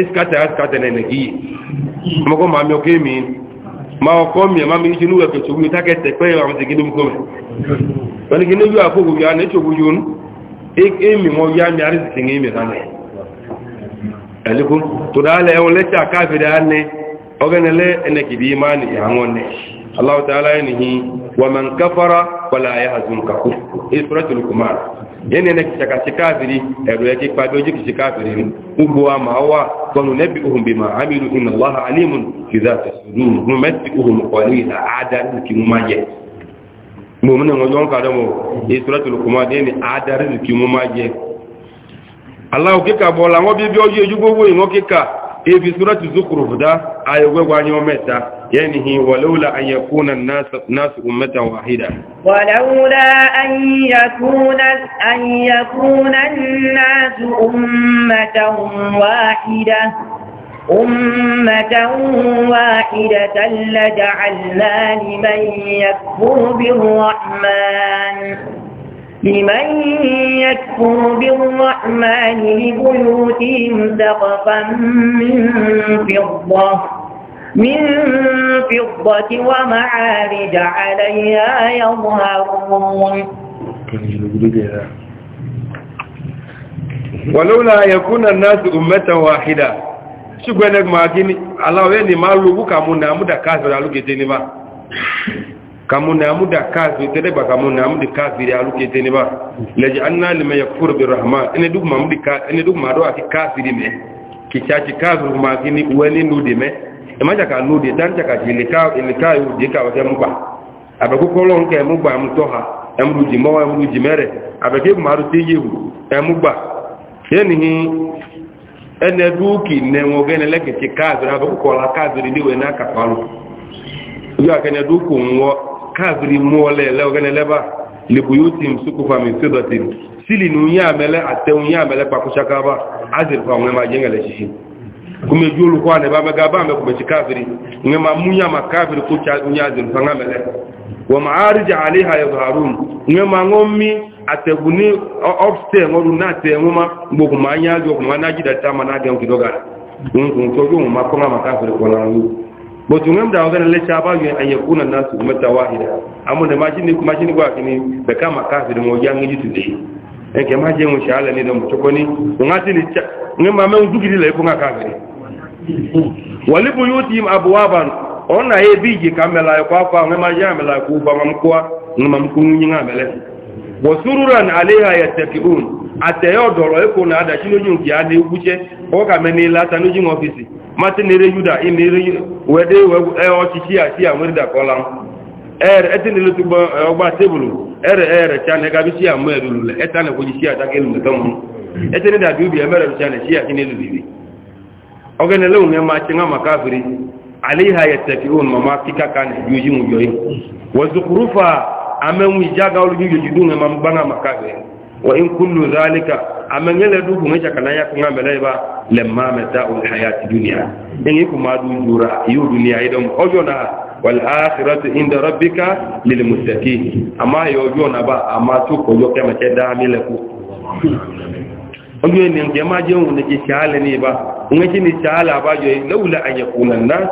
Speaker 1: iskata askata na nagi mako ma mi o kemi ma o ko mi ma mi jinu e ko tuwi ta ke te pe am zigi dum ko me to ni ginu yu afogo ya ne chogu yun e e mi mo ya mi ari zigi mi ran alikum to dale e o le ta ka fi dane o gane le ene ki bi imani ya ngone allah ta'ala yanihi wa man kafara fala yahzunka kufr e suratul kumar yẹn nẹ kìsàkàsì káàbìrì ẹ̀rọ ẹ̀kí pàdé ojú kìsì káàbìrì ní gbogbo ama awa wà tọ́nu ma amílù iná ohun kọ̀lé ìlà àádárí kí wọ́n máa yẹ gbòmìnà wọn yọ́n kàdọ́ mọ̀ èyí tó lọ́tọ̀ lọ́kọ̀ máa dé ní àádárí kí yẹ aláwọ̀ kíkà bọ́ làwọn bí bí ọjọ́ ojú gbogbo ebi ينهي ولولا أن يكون الناس ناس أمة واحدة
Speaker 3: ولولا أن يكون أن يكون الناس أمة واحدة أمة واحدة لجعلنا لمن يكفر بالرحمن لمن يكفر بالرحمن لبيوتهم سقفا من فضة من فضة ومعارج عليها يظهرون
Speaker 1: ولولا يكون الناس أمة واحدة ṣùgbọ́n ẹgbẹ̀rún máa kí ní aláwọ̀ ẹni máa lówó kàmúnà àmúdà káàkiri alúkété níbà kàmúnà àmúdà káàkiri tẹ́lẹ̀gbà kàmúnà àmúdà káàkiri alúkété níbà lẹ́jẹ̀ annálìmẹ̀ yẹ̀kúrò bẹ̀rẹ̀ ìmájà kà lóde dáńjà kà sí ìlíkà òde kà wọ́kẹ́ múgbà àbẹ̀kókọ́ lọ́n kẹ́ múgbà ẹmútọ́ ha ẹmúrú jì mọ́wọ́ ẹmúrú jì mẹ́rẹ̀ àbẹ̀kẹ́ màrú tẹ́ yéwu ẹmúgbà yẹ́nìí ẹnẹ dúkì nẹ̀wọ̀n gẹ́nẹ lẹ́kẹ̀kẹ́ káàbìrì àbẹ̀kókọ́ la káàbìrì níwẹ̀ náà kàkọ́ lọ ojú àkẹ́nẹ dúkù ńwọ́ káàbìrì mú ọ lẹ́ẹ̀lẹ́ ọgẹ́nẹ lẹ́bà lèbùyótìm sukùfàmì sídọ̀tìm sílì nù yín àmẹ́lẹ́ àtẹ̀wọ̀n yín àmẹ́lẹ́ pàkúṣakábà á sì fà wọn ẹ̀ máa jẹ́ ń gẹ̀lẹ́ kumeju olukwane bamegabambe kumechi kafiri nge mamunya makafiri kucha unyazi mpangamele wa maarij alaiha yadharun nge mangomi ateguni obste ngoru nate ngoma mboku manyaji okumwana jida tama nage ngidoga nkunkojo makonga makafiri kona ngu botu ngem da ogana lecha abagwe ma nasu mata wahida amone majini majini kwa kini bekama kafiri ngojangi ẹ̀kẹ́ má jẹun ṣe alẹ́ nílẹ̀ mọ̀tọ́kọ́ ní ní ma mẹ́rin dúkìrí lẹ́kọ́ ńlá káàkiri wọ̀lípù yóò ti àbúwábà ọ̀nà yẹ bí ìjì ká mẹ́la ẹ̀kọ́ afọ àwọn ẹmà yá mẹ́la ẹ̀kọ́ bá wọn kó ní ma mú yín àmẹ́lẹ́ wọ̀ súrúrà ní aléhà yẹ tẹ̀kì òun àtẹ̀yẹ ọ̀dọ̀rọ̀ ẹ̀kọ́ ní adàṣí lójú kì á ní wúṣẹ́ ọkà mẹ́ni láta lójú ọ́fíìsì má ti nire yúdà ìnire wẹ́dẹ́ ọ̀ṣiṣẹ́ àti àwọn ìdàkọ́lá ẹ̀rẹ̀ ẹ̀tẹ́ni ló túgbọ́ ọgbà tébùlù ẹ̀rẹ̀ ẹ̀rẹ̀ tí a nẹ́gá bí sí àmú ẹ̀rù lulẹ̀ ẹ̀tẹ́ni kò ní sí àtàkìlù nìkan mú ẹ̀tẹ́ni a nẹ̀ sí àkíní lulẹ̀ ọgẹ́ni lóhun ẹ̀ máa ti ń àmà káfìrí àléhà ẹ̀tẹ̀kì òun màmá kíkà kan والآخرة عند ربك للمتقين أما يوجون با أما توكو يوكي ما كدا ملكو ojo ni nke ma je ohun ke chaale ni ba nwe ki ni chaale abajo laula an yakuna an-nas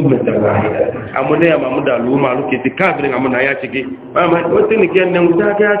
Speaker 1: ummatan wahida amune ya mamuda luma luke ti kabrin amuna ya chike mama wote ni ke nan guda ga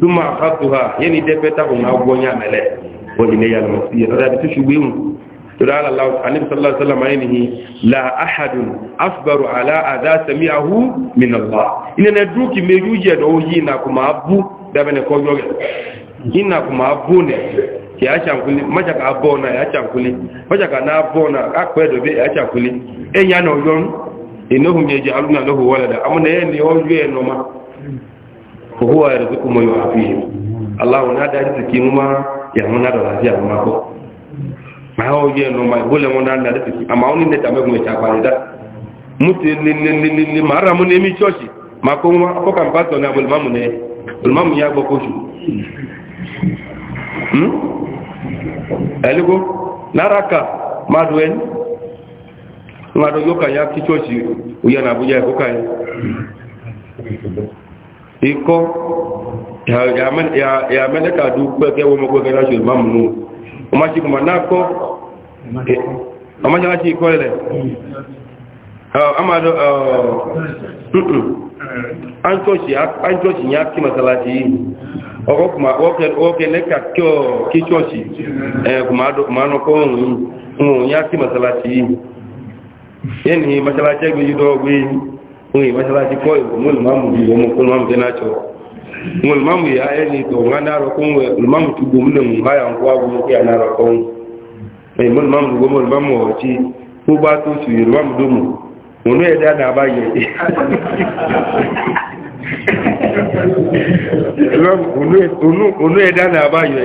Speaker 1: dumaha e ha nye dụienruk eijidi na dina kụbụ na akwili maa bụ na achakwili maa k na bụ na kk edoe acakwili enyi ya na o inoụ ga-eji alụ naaoụ wo e li orụ enoma فهو يرزقهم ويعافيهم الله نادى رزقي مما يعمل نادى رزقي مما هو ما هو يجي نوما يقول لهم نادى رزقي أما هو نيت أمي كم يشافني ده mutu ni ni ni ni ni mara mu nemi church ma ko ma ko kan pa to na bul mamu ne bul mamu ya gbo ko ju hm eligo naraka madwen ngado yoka ya ki church uya na buja ko kai ikọ́ ya mẹ́lẹ́ta dúpẹ́ ẹgbẹ́ wọn mọ́gbẹ́ ẹgbẹ́ ṣe máa mú ọmọ ṣe kùnmọ̀ náà kọ́ ọmọ ṣe láti ikọ́ ilẹ̀ ọmọdé anchọ́ṣì ní ákí masalasi yìí ọkọ̀kẹ́ lẹ́kà kí chọ́ṣì kùnmọ̀ánọ́kọ́ òun yìí oye masalasi kɔ ye mo limamu bi mo ko limamu tɛna cɔ mo limamu y'a ye ni tɔ ŋa n'a rɔ ko ŋa limamu tu bomu ne ŋa yan ko a bomu ko yan n'a rɔ ko ŋa mɛ mo limamu ko mo limamu wɔ ti ko b'a to su ye limamu do mo mo n'o ye da n'a b'a yɛ limamu o n'o ye da n'a b'a yɛ.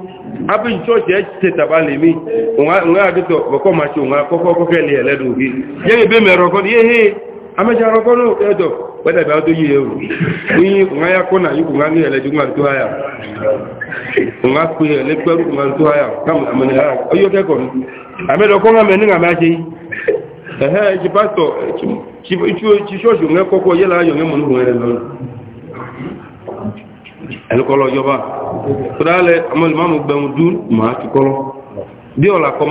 Speaker 1: abin chọọchị taba lemi nwa agịtọ bọkọ nwa kọkọ ya ebe mere ọkọ ihe he amechara ọkọ n'edo wedaba odo yi ewu onye nwa ya kụ na ikwu nwa ngị eledo nwa ntụ ha nwa kụ ya ya "Ame ọkọ nwa mene ehe chọọchị yela nwe mụ nwere ẹnukọlọ yọba tọ́dálẹ̀ ọmọ ìmáàmù gbẹ̀mù dún màá ti kọ́lọ́ bí ọ̀la kọ́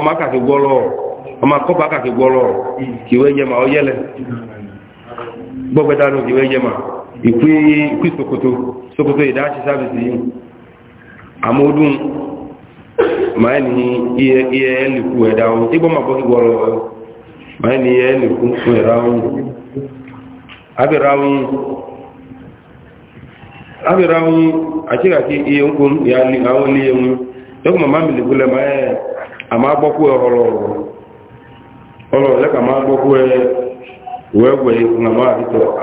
Speaker 1: ọmọ kàkì gbọ́lọ́ ọmọ akọ́bà kàkì gbọ́lọ́ kìwé yẹma ọyẹlẹ gbọ́gbẹ́dánù kìwé yẹma ìpí sokoto sokoto ìdáṣì sábìsì yìí àmọ́dún màá ní iye ẹlẹ́kù ẹ̀dá ohun tí gbọ́mọ̀ bọ́ gbọ́lọ́ màá ní iye ẹlẹ́kù ẹ̀dá ohun abira wọn àti àti iye ń kún ya ní àwọn oníye wọn yóò kọ́ máa mìlì gúnlẹ̀ máa ẹ̀ a máa gbọ́kú ẹ ọlọ́rọ̀ ọlọ́rọ̀ lẹ́ka máa gbọ́kú ẹ wẹ́wẹ́ ń àmọ́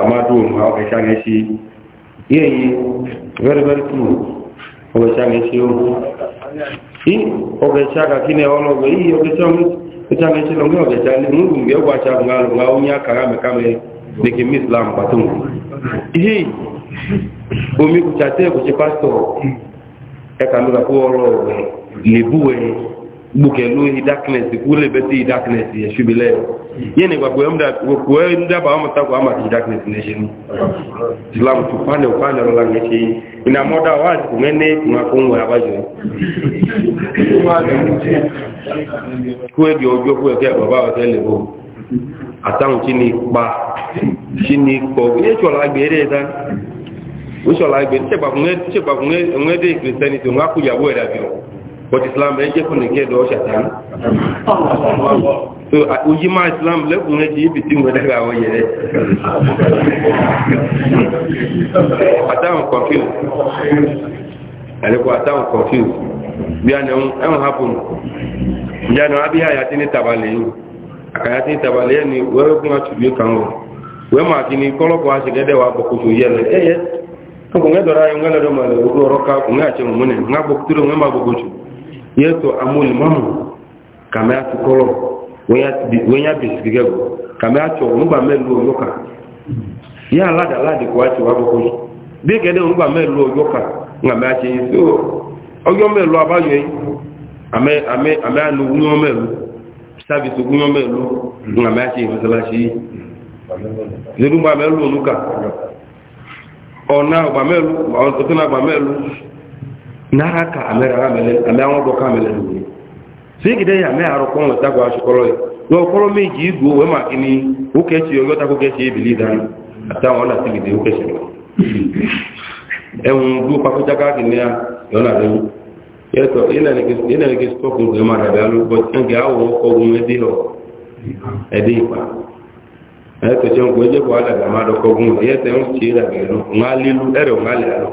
Speaker 1: àmádùn òun very very true ọgbẹ̀ ṣà ní ṣe ó yí ọgbẹ̀ ṣà kàkí ní ọlọ́gbẹ̀ yí ọgbẹ̀ ṣà ní ṣe ní ṣe lọ ní ọgbẹ̀ ṣà ní mú islam pàtó yìí omi kò tsàtẹ́ kò tsi pásítọ̀ ẹ̀ka ló ka kó ọlọ́ lèbu ẹ̀ gbókè ló yi darkness kú lè bẹ́tẹ̀ yi darkness yẹ subi lẹ̀ yẹn ní gbàgbọ́ ẹ̀ ń dábàá ọmọ tako ọmọ àti yi darkness lè ṣe ní islam tó pàdé pàdé ọ̀la ń ṣe ìnà mọ́dà wà á kò ń ní kò ń kó ń wẹ̀ abájọ. kó ẹ̀ di ọjọ́ kó ẹ̀ kẹ́ bàbá ọ̀tẹ́ lè bò àtàwọn tí ni pa tí ni kọ̀ ẹ̀ tsọ̀ la wíṣọ̀lá gbé ṣègbàgùn ẹ̀dẹ́ kìrìsìtẹ́nìtì wọn kú ìyàwó ẹ̀dà bí wọn but islam ẹ jẹ́ fún nìkẹ́ ẹ̀dọ́ ṣàtàrí so ojí ma islam lẹ́kùn ẹ̀jì ibi tí wọ́n dára wọ́n yẹ àtàwọn confuse ẹ̀lẹ́kọ̀ àtàwọn confuse a nẹ̀hún ẹ̀hún hapun bí a nẹ̀hún abíyá àyàtí ní tàbálẹ̀ yìí àkàyàtí ni wẹ́rẹ́gún àtúbí kan wọ́n máa kí ni kọ́lọ́kọ́ àṣẹgẹ́dẹ́ wa kunga dora yi ngala do mala ko roka kunga ce mun ne nga bok turo nga ma bok chu amul kama ya wenya wenya go kama ya cho ka ya la da la ko wa bi ke de ka nga so oyo melu abayo yi ame ame ame anu nyo melu service nyo melu nga ma nuka ọ̀nà ọ̀gbàmẹ́lú ọ̀tọ́tọ́nà ọ̀gbàmẹ́lú náà ka àmẹ́rẹ̀wọ́dọ̀ kàmẹ́lẹ̀ nìyẹn sí ìgìdẹ́ yà mẹ́ àrọ̀ kọ́nà ebili aṣọ́kọ́lọ́ yìí lọ kọ́rọ́ méjì ìgbò wẹ́ màá kíní ó kẹ́sì ọjọ́ tako kẹ́sì na ìdáná àtàwọn ọ̀nà sí ìgìdẹ́ ó kẹ́sì lọ ẹ̀wọ̀n nke pàkójáká kìíní yọ̀nà rẹ̀ ọ ìnànìkì stọ́ọ̀kù ẹ̀ẹ́kẹ̀ṣẹ́ ń gbẹ́jẹ́ bọ̀ alẹ́gbà máa dọ́kọ́gún ẹ̀yẹ́tẹ̀ ń ṣe ìrẹ̀gbẹ̀rún ńlá lílú ẹ̀rẹ̀ ńlá lẹ̀ àlọ́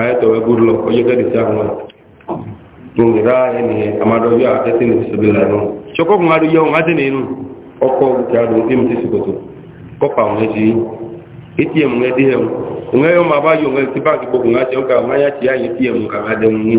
Speaker 1: ayẹ́tọ̀ ẹgbùrú lọ ọjọ́ kẹ́dì sí àwọn ìrìnrà ẹni àmàdọ́jọ́ àtẹ́sí ní ìṣẹ́bílẹ̀ náà ṣọkọ́kùn adúyẹ́ ohun adé ti ẹdí báńkì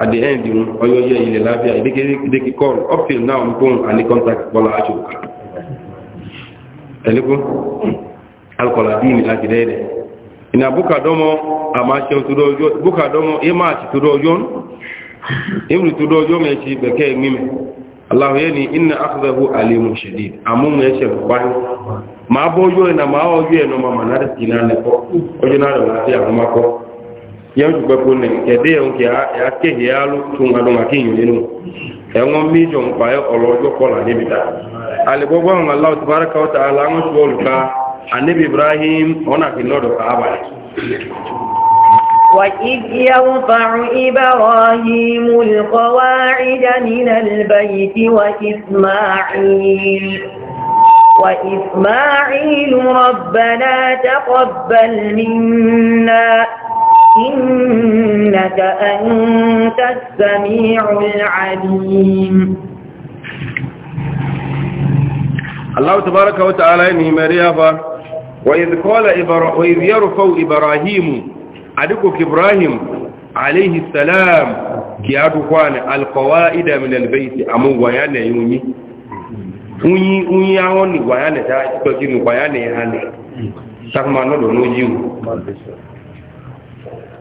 Speaker 1: at the end yun ọyọ yẹ ilẹ̀ lábíà ìdíkì call up till now nkún àní contact bọ́lá aṣòkà ẹ̀lẹ́kún alkọ̀lá bí ní láti rẹ̀ẹ̀rẹ̀ ìnà búkàdọ́mọ́ àmàṣẹ òtúdọ́jọ́ búkàdọ́mọ́ ìmá àti tòdọ́jọ́ ìmú tòdọ́jọ́ mẹ́ṣì bẹ̀kẹ́ mímẹ̀ aláwọ̀yẹ́ ni iná akọ̀dọ̀hù alẹ́mù ṣẹ̀dì àmúmù ẹ̀ṣẹ̀ báyìí máa bọ́jọ́ ìnà máa ọjọ́ ẹ̀nà màmá náà yẹn ju gbẹ kone kẹdẹ yẹn kẹ a kéhe alo tún ka dùn àti ìyìn nínú ẹwọn míjọ nípa ẹ ọlọjọ kọlà níbi ta alẹgbọgbọ àwọn aláwọ tí bára káwọta aláwọn tí wọn lùkà anabi ibrahim ọ̀nà àti nọdọ káàbà.
Speaker 3: وإذ يرفع إبراهيم القواعد من البيت وإسماعيل وإسماعيل ربنا تقبل منا إنك أنت السميع العليم
Speaker 1: الله تبارك وتعالى إنه مريابا وإذ قال إبرا... وإذ يرفع إبراهيم أدكك إبراهيم عليه السلام كي أدخوان القوائد من البيت أمو ويانا يوني unyi unyi awon ni wayane ta ko jinu wayane hane sakma no do no yiwu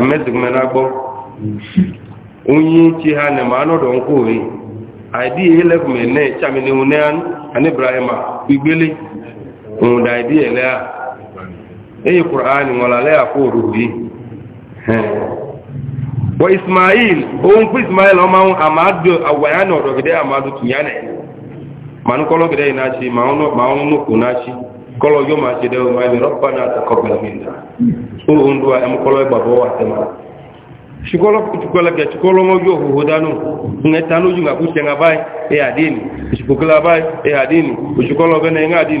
Speaker 1: mmezumen agbọ onye chi ha na ma anọdọ nkwụri aidi elekumene chaminiwu ne an ibrahima igbele ohun da aidi ele a eyi qur'ani wala le akọ oruhu yi wa ismail ohun kú ismail ọmọ amadu awaya na ọdọ gide amadu tunyane manukọlọ gide yi na chi ma ọnụ n'okwu na chi kọlọ yóò máa ṣe dẹ́wọ̀ máa ní na. náà tẹ́kọ̀ bẹ̀rẹ̀ mìíràn ó ń dúwà ẹmú kọlọ ìgbàgbọ́ wà tẹ́mà ṣùkọ́lọ́ kùtùkọ́lẹ́gẹ̀ ṣùkọ́lọ́ wọn yóò hòhò dánú ń ẹta lójú àkú ṣe ẹ̀ngà báyìí ẹ̀ àdínì òṣùkọ́lá báyìí ẹ̀ àdínì òṣùkọ́lọ́ bẹ́ẹ̀ ẹ̀ngà àdínì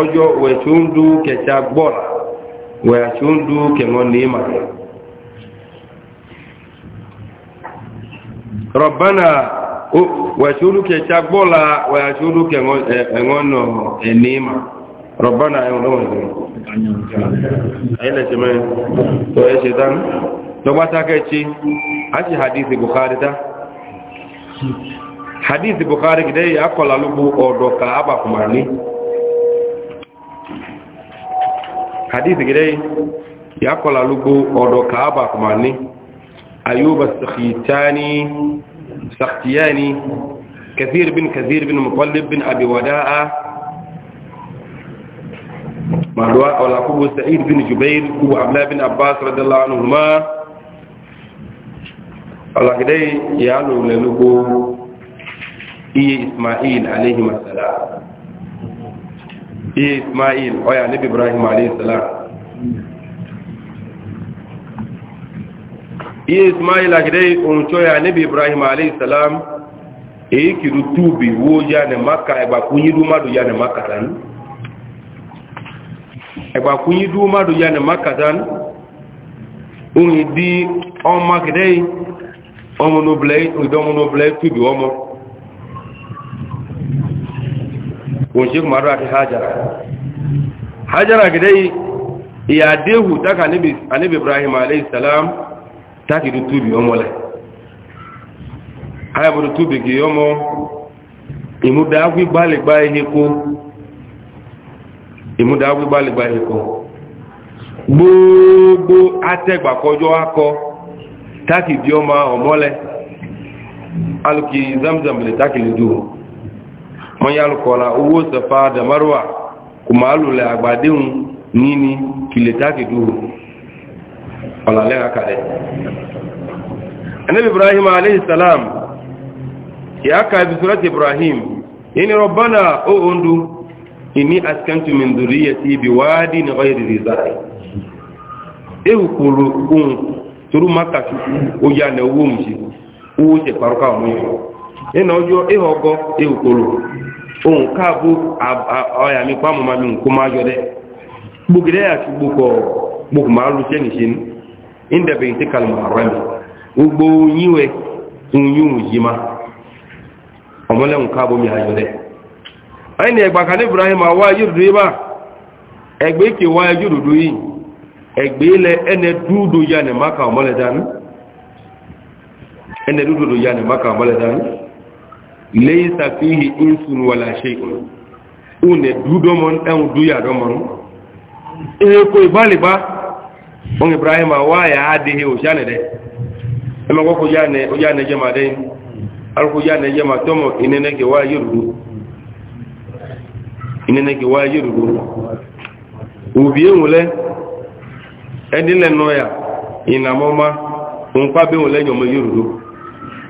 Speaker 1: ọjọ́ wẹ̀ tí ó ń dú kẹta gbọ́ra wẹ̀ tí ó ń dú kẹmọ́ ní ìmà rọ̀bánà wẹ̀ tí ó dú kẹta gbọ́la wẹ̀ tí ó dú kẹmọ́ ní ìmà rọ̀bánà ẹ̀wọ̀n lọ́wọ́ ìgbẹ̀rẹ̀ ayẹ́lẹ̀ ṣe mẹ́rin tó ẹ́ ṣe tán tọgbátá kẹ́ẹ̀ṣe hadithi bukhari tá hadithi bukhari gidẹ́ akọ̀lá lógbó ọ̀dọ̀ ka abàkùnmà ní hadisi gidai ya kola lugu odo kaaba kuma ni ayuba sakhitani sakhtiyani kathir bin kathir bin muqallib bin abi wadaa madwa wala kubu sa'id bin jubair kubu abdullah bin abbas radiyallahu anhuma Allah gidai ya lulu lugu iye ismail alayhi salam ismail ọya níbi ibrahim aleyhisselam iye ismail agide ohun tí ọya níbi ibrahim aleyhisselam èyí kìrù túbì wó ya ní maka ẹgbàkúnyídú mádù ya ní maka tán ẹgbàkúnyídú mádù ya ní maka tán ohun ìdí ọmọ agide ọmọ nobile túbì ọmọ wọ́n ṣe kùmàrú àti hajjara hajjara gidai ìyàdéhù taka anibi ibrahim aleyhisselam taki du tubi ọmọlẹ̀ ayabudu tubi kì yọmọ ìmúdáwí gbálẹ̀gbá iheko ìmúdáwí gbálẹ̀gbá iheko gbogbo atẹ́gbàkọjọ́ akọ taki di ọmọ ọmọlẹ̀ alùkì zamzam lè taki lè dúró wọ́n yá lùkọ́lá owó sẹ̀fà dàmárùwà kò máa lùlẹ̀ àgbàdéhùn níní kìlẹ̀ tákìdú ọ̀làlẹ́ àkàlẹ̀ ẹnẹ́bí ibrahim aleyhisselam ya ka ibrahim yìí rọ̀bánà ó oundu ìní askantu min wadi ni ghayri rizai ewu kulu ohun turu maka ó yá na owó mùsí owó ṣe parọ́kà ọmọ ohun káàbù ọ̀yà mi pàmò máa mi nkó máa yọ gbogbo ẹ̀yà tí gbogbo gbogbo máa lu ṣẹ́ nìṣe ní ìdẹ̀bẹ̀ yìí tí kalmà rẹ̀ gbogbo yíwẹ̀ oyún ma ọmọlẹ́hun káàbù mi ayọ̀ ẹni ẹgbà ibrahim ayélujú ẹgbẹ́ wá ayélujú yìí ẹgbẹ́ ẹnẹ dúdú ní maka leisa fihi insun wala shay'un une dudo mon en duya do mon e ko ibaliba on ibrahima wa ya adihi o jane de e ma ko ko jane o jane jama de al ko jane jama tomo inene ke wa yurdu inene ke wa yurdu o biye wole edile noya ina moma on pa be wole nyomo yurdu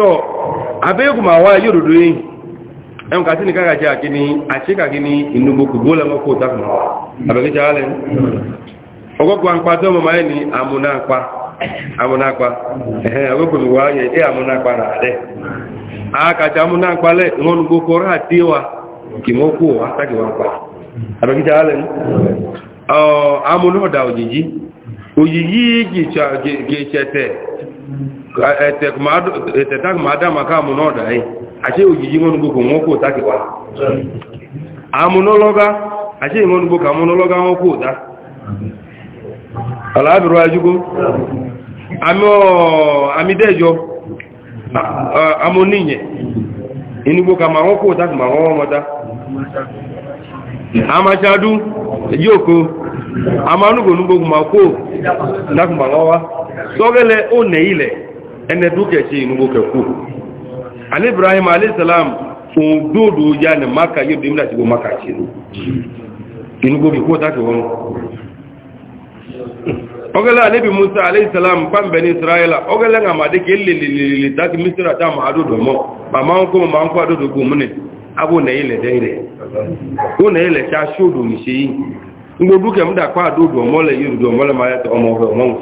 Speaker 1: so abe kuma wa yododo yin em ka tini kaga ja kini ache ka kini inugo kubola mo ko ta kuma abe ke jale ogo kwa amuna pa amuna pa eh ogo ko wa amuna pa na de a amuna pa le ngon go ko ra tiwa ki mo ko wa ta ki wa pa abe chete ẹ̀tẹ̀tàk máa dáma káàmù náà dáyé àṣẹ òjìjí wọn gbogbo wọn kò tákì wá àmúnọ́lọ́gá àṣẹ ìwọ̀n gbogbo àmúnọ́lọ́gá wọn kò dá aláàbìrò ajúgbó àmìdẹ́jọ amóníyẹ̀ inúgbò ka ma wọn kò tákì ma wọn wọ́n dá àmàṣádú yóò wá sọ́gẹ́lẹ̀ ó nẹ̀ ilẹ̀ ene duke ce inu boke ku an ibrahim alaihissalam ya na maka yadda imla ti go maka ce inu boke ko ta ke wani musa alaihissalam ban bani isra'ila ogala nga ma dake lililili ta misira ta ma adodo ba ma ko ma ko adodo go mu abu na ile daire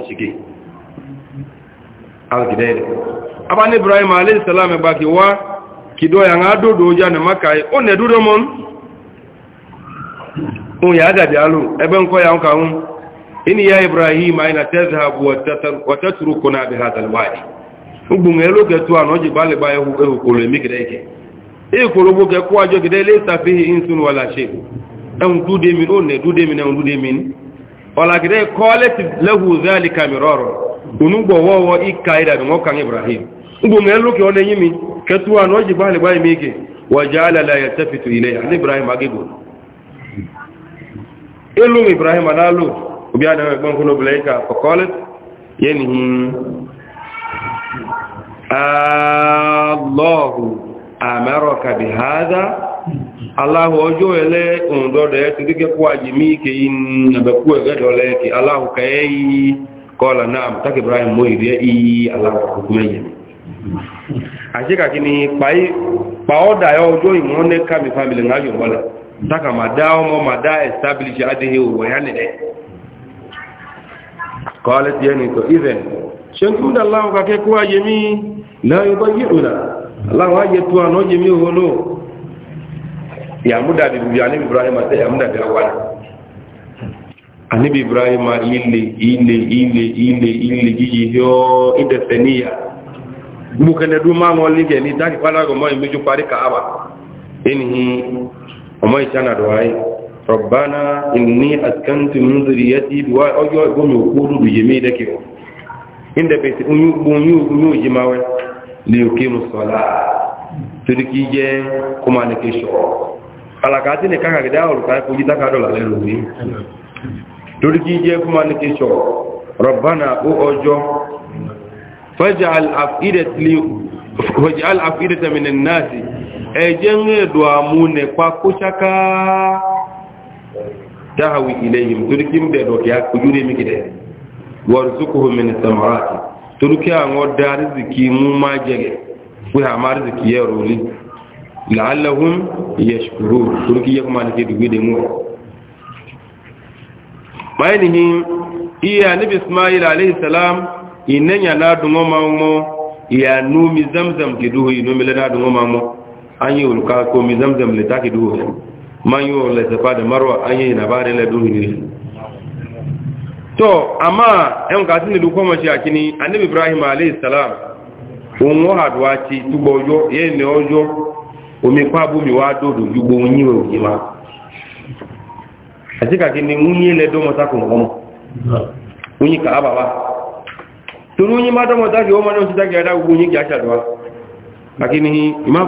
Speaker 1: da alkidere abani ibrahim alayhi salam ba wa kido ya nga dodo ja na makai o ne duro mon e o ya ibrahim aina tazhabu wa tatrukuna bi hadha alwadi ugbu ngelo ke tu anoji bale ba ehu e ehu kolo mi gide ke e kolo bo ke kwa jo gide le safihi insun wala shay en dude min onugbo ọwọwọ ika ida nwoke nwokan ibrahim ugbo me loke ọ na-enye mi ketu anụ ọji gbalị gbalị m ike waje alala ya tefitu ile ya ndị ibrahim agigo elu m ibrahim analụ obi a na-enwe egbe nkwụlọ bụla ịka ọkọọlị ya nihi allahu ka bi ọjọọ ele hada aláhù ọjọ́ ẹlẹ́ òǹdọ́dẹ̀ tó gẹ́gẹ́ kó àjẹmí ìkẹyìn nàbẹ̀kú ẹ̀gẹ́dọ̀lẹ́ ka eyi. kọ́ọ̀lá náà tak ibrahim mọ́ ìrẹ́ iyi alákùnkùnmẹ́yẹ àṣẹ kàkí ni pàọ́dà yọ ojú ìwọ̀n ní kàmì family ń ayò wọlẹ̀ taka ma dá ọmọ ma dá establish adéhe òwò ya nìyẹn kọ́ọ̀lá ti ẹni tó ìfẹ́ ṣẹ́kùn dà láwọn kàkẹ́ kó ayé mi láyé bá yé òdà láwọn ayé tó àná yé mi òwò náà yàmúdà bìbì àní ibrahim àti yàmúdà bìbì àwọn anibi ibrahima ile ile ile ile ile yiyi yo ideseniya gbukene du maa ŋɔli kɛ ni taki kpala ko mɔyi miju pari kaaba enihi ɔmɔyi tiana do ayi rɔbana inni askantu min zuriyati duwa ɔyɔ gomi okudu du yemi de ke o inde beti unyu unyu unyu jimawɛ li yukimu sɔla turiki jɛ kuma ne ke sɔrɔ alakati ne kaka gida olu ka ko jita ka do la lɛ lomi torí kí jẹ́ fún mani kí sọ rọ̀bánà ó ọjọ́ fẹ́jàl àfídẹ̀tẹ̀mìnì náà sí ẹjẹ́ ń rẹ̀dọ̀ àmú nẹ̀pá kó ṣáká dáhàwì ilẹ̀ yìí torí kí ń bẹ̀rọ̀ kí a kojú rí mìkìdẹ̀ wọ̀rùsùkùhù mìnì samarati torí kí àwọn dá rìzìkì mú máa jẹ́gẹ̀ pé àmá rìzìkì yẹ rọ̀lì làálàhùn yẹ ṣùkúrò torí kí yẹ fún mani kí dùgbé dẹ̀ mú ihe iya nabi ismail alayhi salam inenya na dungo mamo iya nu zamzam ki duhu inu mi lada dungo anyi ulka ko mi zamzam le taki duhu man yi le safa da marwa anyi na bare le duhu to amma annabi ibrahim hadwa tubo yo ne ojo kwa bu mi wa yugo nyi àti kàkí ni wúnyí lẹ dọ́mọ̀tá kò mọ̀ wúnyí kàá bàbá torí wúnyí má dọ́mọ̀tá kì ó mọ́ ní oṣù dákì adá gbogbo yín kì á kàkí ni ya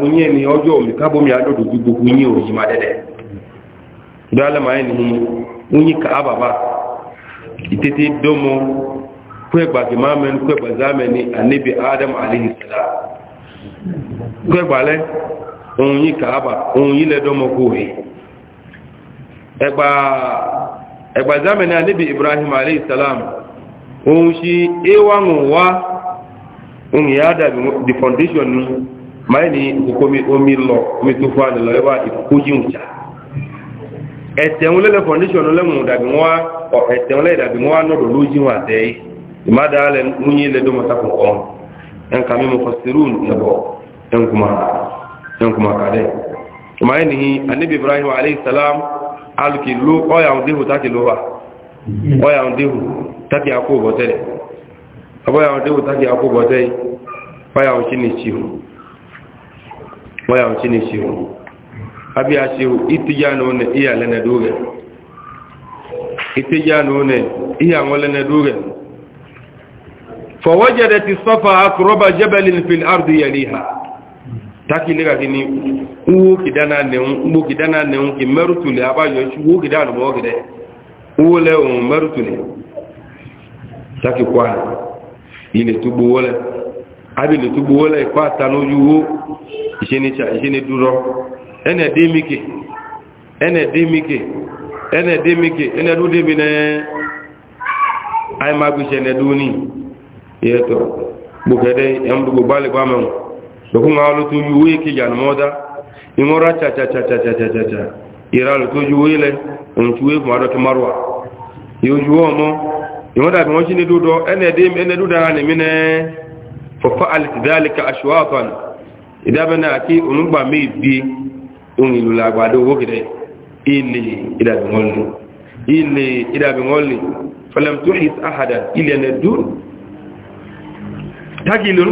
Speaker 1: wúnyí ẹni ọjọ́ omi kábòmí adọ́dọ̀ ju gbogbo dẹ́dẹ́ dọ́mọ zámẹ́ ni lẹ́ ẹgbà zamani anibi ibrahim aleyhisselam ohun ṣe ewanwun wa ohun ya dàbí the foundation ni máa ní omi lọ omi tó fún àdìlọ ẹwà ìkókójì ìjà ẹ̀tẹ̀hún lẹ́lẹ̀ foundation lẹ́wọ̀n dàbí wọ́n ẹ̀tẹ̀hún lẹ́yìn dàbí wọ́n nọ́dọ̀ lójí wọn àtẹ́ ìmádàálẹ̀ múnyí lẹ́dọ̀ mọ́tàkùn kan ẹnkà mímọ́ anibi ibrahim alùkìlú ọ̀yà òdíhù tákìlú wà ọ̀yà òdíhù tákì àkó bọ̀tẹ́ ọ̀yà òdíhù tákì àkó bọ̀tẹ́ ọ̀yà òkí ni ṣíhù abi a ṣíhù ìtìjá ní ọ̀nà ìyà lẹ́nẹ̀dú rẹ̀ ìyà wọn lẹ́nẹ̀dú fọwọ́jẹ̀dẹ̀ ti sọ́fà jẹ́bẹ̀lì wókìdá na nẹ̀hún gbókìdá náà nẹ̀hún kì mẹ́rùtùlẹ̀ abáyọ̀ ṣú wókìdá àlùmọ́ ọ̀gẹ̀dẹ̀ wólẹ̀ ohun mẹ́rùtùlẹ̀ sákìkwá ilẹ̀ tó gbówólẹ̀ abílẹ̀ tó gbówólẹ̀ ikọ́ àtànójúwó ìṣẹ́ni dúró ẹnẹ̀dẹ́mìkè ẹnẹ̀dẹ́mìkè ìmọ́ra tàtàtàtàtàtà ìrànlù tó ju wílẹ̀ òun ti wé fún adọ́tí marwa yóò ju ọmọ ìwọ́n dàbí wọ́n sí ní dúdọ ẹnẹ́dúdára nìmi nẹ́ fọ́fá alìtìdálìkà aṣọ́àfàn ìdábẹ́nà àti onígbà mí bí ohun ìlú làgbàdo owó gẹ̀rẹ́ ilé ìdàbí wọ́n lè ilé ìdàbí wọ́n lè fọlẹ́mtò ìs àhàdà ilẹ̀ ẹ̀nẹ́dú tákì ìlú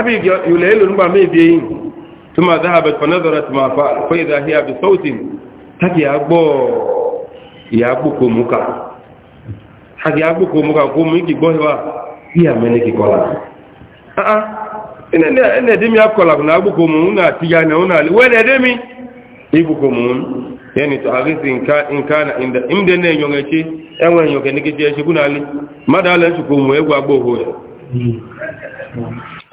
Speaker 1: أبي يليل نبا ميبيين ثم ذهبت فنظرت ما فعل فإذا هي بصوت تكي أبو يا أبو كوموكا حكي أبو كوموكا كوميكي بوهوا هي منيكي كولا أه ina ina demi akola kuna abu ko mun na na una wena demi ibu ko mun yani to nka, na inda ne enwe madala ko mu egwa gbo ho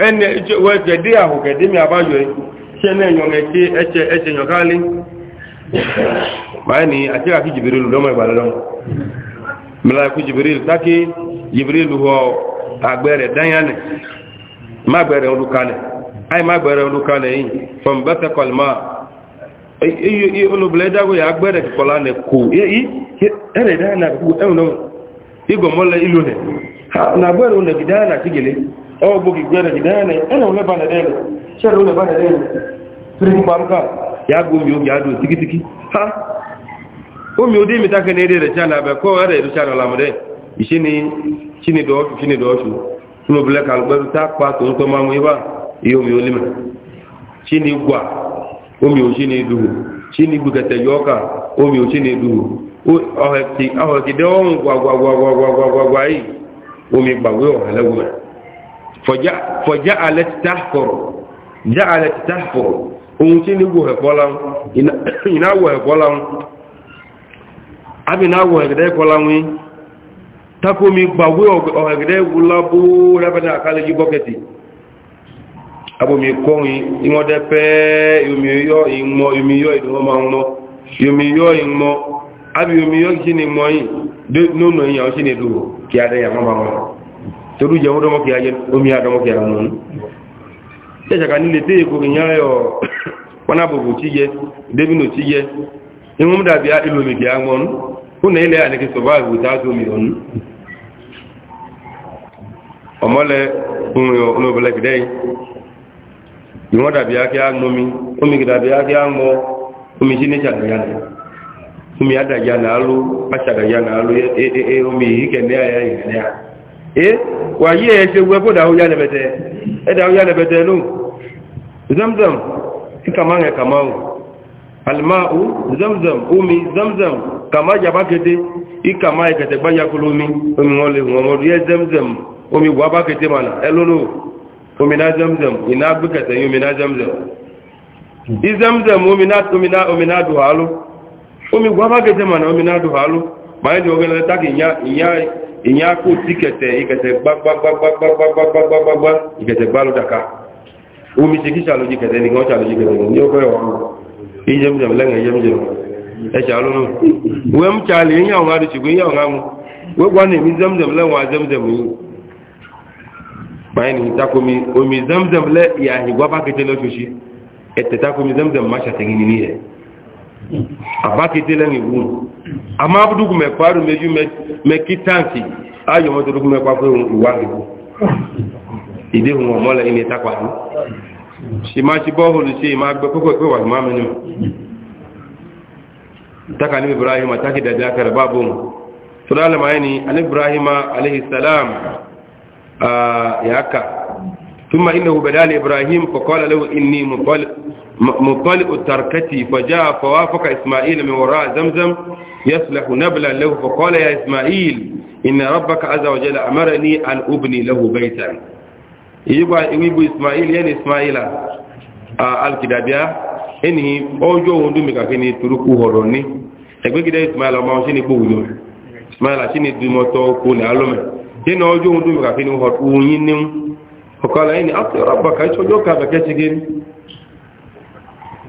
Speaker 1: ẹni wẹ́ẹ̀dẹ́ àwòkẹ̀dẹ́mì àbáyọ̀ ṣe ní ma ẹ̀ṣẹ́ ẹ̀ṣẹ́ ẹ̀ṣẹ́ yàn káálí báyìí ni àti àkí jìbìrìlù lọ́mọ ìgbàlọ́lọ́mù mìláìkú jìbìrìlù tákí jìbìrìlù họ àgbẹ̀rẹ̀ dáyánẹ̀ mágbẹ̀rẹ̀ olùkalẹ̀ àì mágbẹ̀rẹ̀ olùkalẹ̀ yìí from iye ọ bogi gwere gi dene ene ule na tiri ya go mi ogi adu tiki ha o mi odi mi ta ke ne dere chana be ko ere du chana la mode isini chini do ọchụ chini do otu ta pa to to ma mu iba iyo mi chini gwa o mi o chini gbukete o o fọjáàlẹ́tì táfọ̀rọ̀ jáàlẹ́tì táfọ̀rọ̀ ohun tí nígbò ẹ̀kọ́láun ìnáwọ̀ ẹ̀kọ́láun abìnáwọ̀ ẹ̀gẹ̀dẹ́ ẹ̀kọ́láun takomi gbàwé ọ̀gẹ̀dẹ́ wùlábó rẹ́bẹ̀dẹ́ àkálẹ́jì bọ́kẹ̀tì abomi kọ́rin ìwọ́dẹ́ pẹ́ yomiyọ́ ìmọ̀ yomiyọ́ ìdúnwọ́ toru jẹun dọmọ kìí ayé omi àdọmọ kìí àwọn ọmọ ṣẹ́ṣàkà nílé tí èkó ìyàn ẹ̀yọ pọ́nàbòbò tí yẹ débìnà tí yẹ ìwọ́n dàbí àwọn fún ilẹ̀ àníkì survive without omi ọ̀nù ọmọlẹ̀ ọmọbìnrin kìdẹ́ ìwọ́n dàbí akí àmọ́mi omi dàbí akí àmọ́ omi sí ní ṣàdàyà omi àdàyà nàálù pàṣàdàyà nàálù omi ìkẹ̀ ní àyà ìrìnlẹ̀ eh wa yi ya ce e webo da hauya lebete e da hauya lebete no zamzam in kama ya kama o alma'u zamzam umi zamzam kama ya i kama ya kete ba ya kulumi omi wole ngomo ye mana elolo omi na zamzam ina gbe kete omi na zamzam i zamzam omi na omi na omi na duhalu omi wa ba mana omi na duhalu ma ni ogene taki ya ìyẹn kó tí kẹtẹ ìkẹtẹ gbagbagbagbagbagbagbagbagbagba ìkẹtẹ gbálódàká omi ṣe kí ṣàlójì kẹtẹ nìkan ṣàlójì kẹtẹ ní ọkọ̀ ẹ̀wọ̀n ìyẹmjẹm lẹ́yìn ìyẹmjẹm ẹ̀ṣà lónà wẹ́m ṣàlẹ̀ ìyàwó adìṣègùn ìyàwó àmú wẹ́gbọ́n ní mi zẹ́mjẹm lẹ́wọ̀n azẹ́mjẹm yìí báyìí ní takomi omi zẹ́mjẹm lẹ́ ìyàhìgbọ́ bá kẹtẹ lọ́ṣọ́ṣì ẹ̀tẹ̀ takomi zẹ́mjẹm má ṣàtẹ̀yìn nìyẹn abakete lẹ́nu ìwú àmọ́ abúdúkú mẹ́kọ́rù méjú mẹ́kí táǹkì ayọ̀ mọ́tò dúkú mẹ́kọ́ fún ìwà ìwú ìdí ohun ọmọlẹ̀ ilẹ̀ takwa ní ṣe máa ṣe bọ́ọ̀hùlù ṣe máa gbẹ́ púpọ̀ pé wà ní máa mẹ́nu taka ní ibrahim àtàkì dàdí akẹrẹ bá bóun tó dálẹ̀ máa ní alẹ́ ibrahim aleyhisselam yàáka túnmà inú ibrahim kọ̀kọ́ مطلق تركتي فجاء فوافق إسماعيل من وراء زمزم يصلح نبلا له فقال يا إسماعيل إن ربك عز وجل أمرني أن أبني له بيتا يبقى يبقى إسماعيل يعني إسماعيل آه الكدابية إنه أوجو هندومي كاكيني تركو هروني تقول كده إسماعيل وما وشيني بوجو إسماعيل عشيني دموتو كوني ألومي إنه أوجو هندومي كاكيني هروني فقال إني أطي ربك أيش أشجوك بكتشكين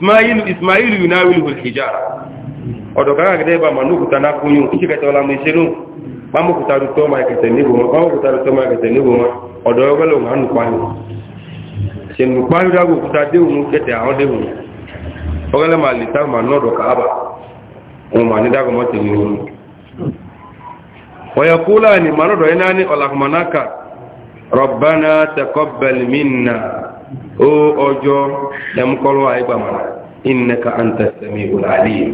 Speaker 1: ismailu ismailu yunawilu alhijara odo kaga gede ba manu kutana kunyu ichi kete wala mishinu mamu kutaru toma kete nibu mamu kutaru toma kete nibu odo yogalo nganu kwanyu sinu kwanyu dagu kutade umu kete aonde umu ogale malita manodo kaaba umu ni dagu mote ni umu wayakula ni manodo enani olakumanaka rabbana taqabbal minna o ọjọ́ ẹmukọ́lọ́ àìgbàmọ̀lá innaka anta samiul alim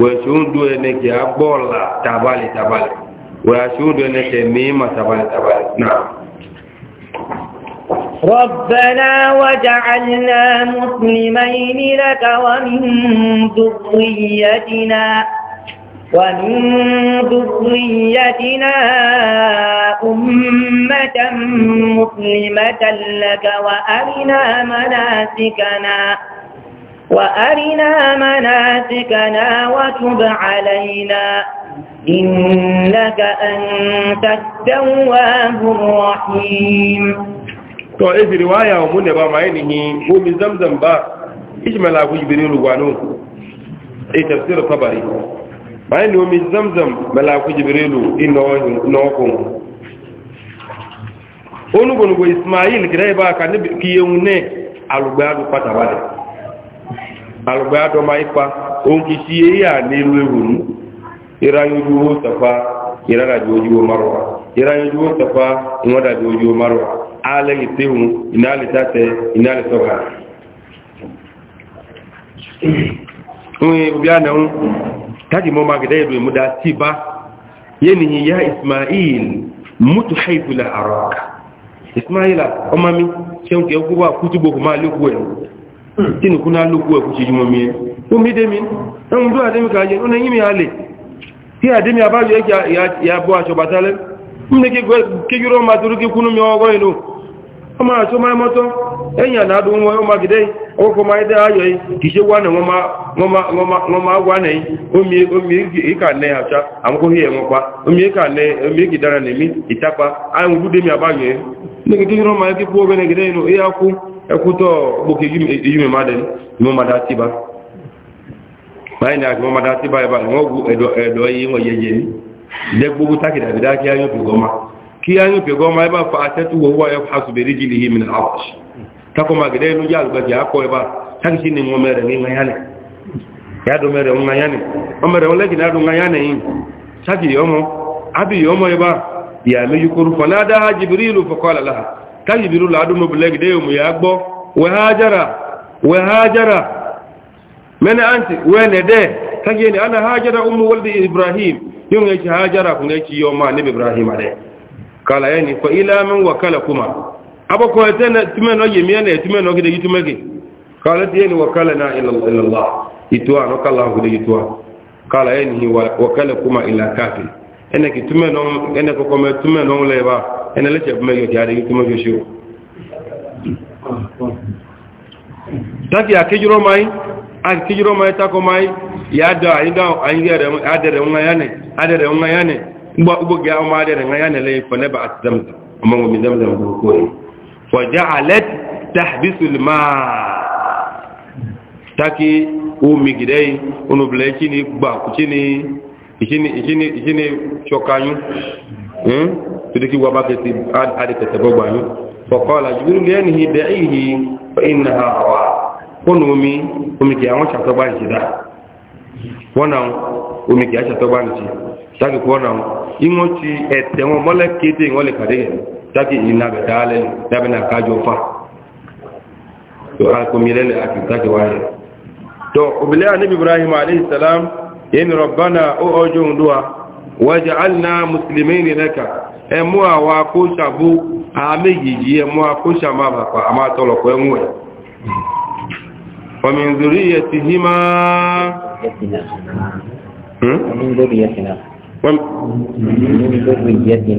Speaker 1: wẹ̀ṣọ́ndù ẹnẹkẹ́ agbọ́ọ̀là tabali tabali wẹ̀ṣọ́ndù ẹnẹkẹ́ mímọ̀ tabali tabali náà.
Speaker 3: ربنا وجعلنا مسلمين لك ومن ذريتنا ومن ذريتنا أمة مسلمة لك وأرنا مناسكنا وأرنا مناسكنا وتب علينا إنك أنت التواب الرحيم
Speaker 1: to ezi riwaya wa munne ba mai ni ko mi zamzam ba ijmala ku jibril gwanu e tafsir tabari bayan da omi zamzam malaku jibrilu inokun onugbonugbo ismail kìdá ibá ka níbi kí yẹun ní alùgbàádù pátábàdẹ̀ alùgbàádù ọmọ ipa ohun kì sí èyà nílùú ìrùnú ìráyójú owó tàfà ìrádàjú ojú omarwa ìráyójú owó tàfà ìwọ́dàjú ojú omarwa alẹ́ ìtẹ́hùn ìnáàlítàtẹ ìnáàlítọ́gà ohun ìbí taji moma ga dai mu da ba yanihi ya isma'il mutu haythu la araka isma'ila omami seun ke ku ba kutubo ma loku e kuna e ku ci mo mi e o mi de mi en do ade ka je ona yimi ale ti ade mi abajo ya ya bo aso batale mne ke ke yuro ma duru ke kunu mi ogo eno o ma aso ma moto enyi na adụ nwa magide nwoke maide ayọghị ka ije gwa na nwoma agwa na omika nne ha cha amụkwụghị ya nwekwa omika nne omegidara na emi itakpa anyị gwude mi agbanyụghị ndị gị kịrị ma ekwu oge na gide nụ ihe akwụ ekwuta okpoke yume mmadụ mmadụ ma atiba ebe a ihe ka a fa ya fa subere ji tako magide nu ja gba ja ko ba tan si ni mo mere ni ngayane ya do mere ngayane o mere o legi na do ngayane yin taki yomo abi yomo ba ya me yukuru fanada jibril fa qala laha ka jibril adu mo blegi de mu ya gbo wa hajara wa hajara mena anti wa ne de taki ni ana hajara ummu waldi ibrahim yun ya hajara kun ya ci yoma ni ibrahim ale kala yani fa ila man wakala kuma aboko etene tume no yemi ene tume no gide gitume ge kala tieni wakala na ila allah itwa no kala hu de itwa kala eni wa wakala kuma ila kafi ene gitume no ene ko kome tume no le ba ene le chebe yo jare gitume yo shu taki akejiro mai akejiro mai tako mai ya da ainda aingere adere ngayane adere ngayane ngba ugbo ga ma adere ngayane le fone ba atzamza amango mi zamzam ko ko fọ̀jáàlẹ́t tàbísùlmá tákí omi gidẹ́ onubìlẹ̀ ni gbà ìkíni ṣọkanyú tìdíkí wà bá kẹsì adìkẹsẹ̀ gbọ́gbàyú fọ̀kọ́lá jùlọ lẹ́ni ìdẹ̀ ìhì iná àwà fónù omi omi kìí àwọn ṣàtọ́gbà ìṣẹ́dá wọ́n náà omi kìí àṣàtọ́gbà ìṣẹ́ taki ina ga dalil da bana kajo fa to al ko milele aki taki waye to ubile annabi ibrahim alayhi salam yin rabbana o ojun duwa waj'alna muslimin laka e mu awa ko sabu a mejiji e mu ko sama ba pa ama tolo ko enwe wa min zuriyatihima hmm wa min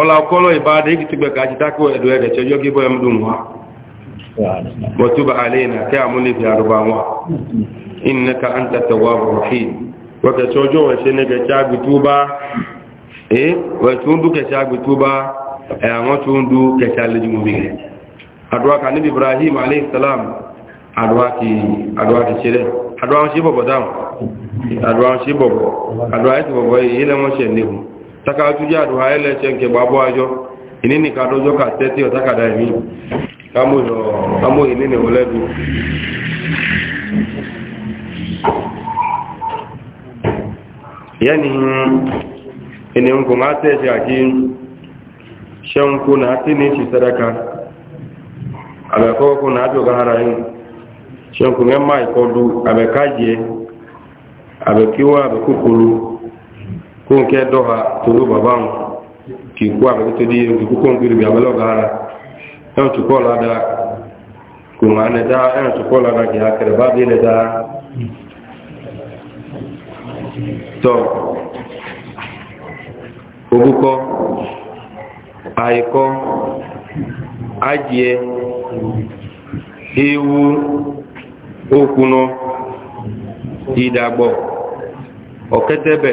Speaker 1: ọlá ọkọ́lọ́ ìbáadé ìkìtì gbẹ̀kà àti dákò ẹ̀dọ̀ ẹ̀dẹ̀ tí ọjọ́ gíbọ̀ ẹmúdùn wa mọ̀túbà àlẹ́nà kí àmúlé fi àrùbà wọn ìnaka à ń tàtàwà rọ̀fì wọ́kẹ̀ tí ọjọ́ ẹ̀ṣẹ́ ní kẹ̀kẹ́ agbìtúbá ẹ̀ wọ́n tún dú kẹ̀kẹ́ agbìtúbá ẹ̀ àwọn tún dú kẹ̀kẹ́ alẹ́jú mú bìrẹ̀ àdúrà kà ṣe bọ̀bọ̀ dáhùn àdúrà wọn ṣe bọ̀bọ̀ àdúrà ti bọ̀bọ̀ yìí ilẹ̀ wọn ṣẹ̀ taka tuja duha ele chenke babo ajo inini kadojo ka tete o taka dai kamo yo kamo inini oledu yani ene unko ngate je aki shanku na atini ci sadaka abe ko ko na ajo gahara yin shanku ngemma ikodu abe kaje abe kiwa abe kukulu ko nke dɔha toro babaŋ k'i ko a bɛ to di ye k'i ko ko nkiri a bɛ lɔ agaghị ɛn tu kɔla da ko ewu okunu idagbɔ ɔkɛtɛbɛ.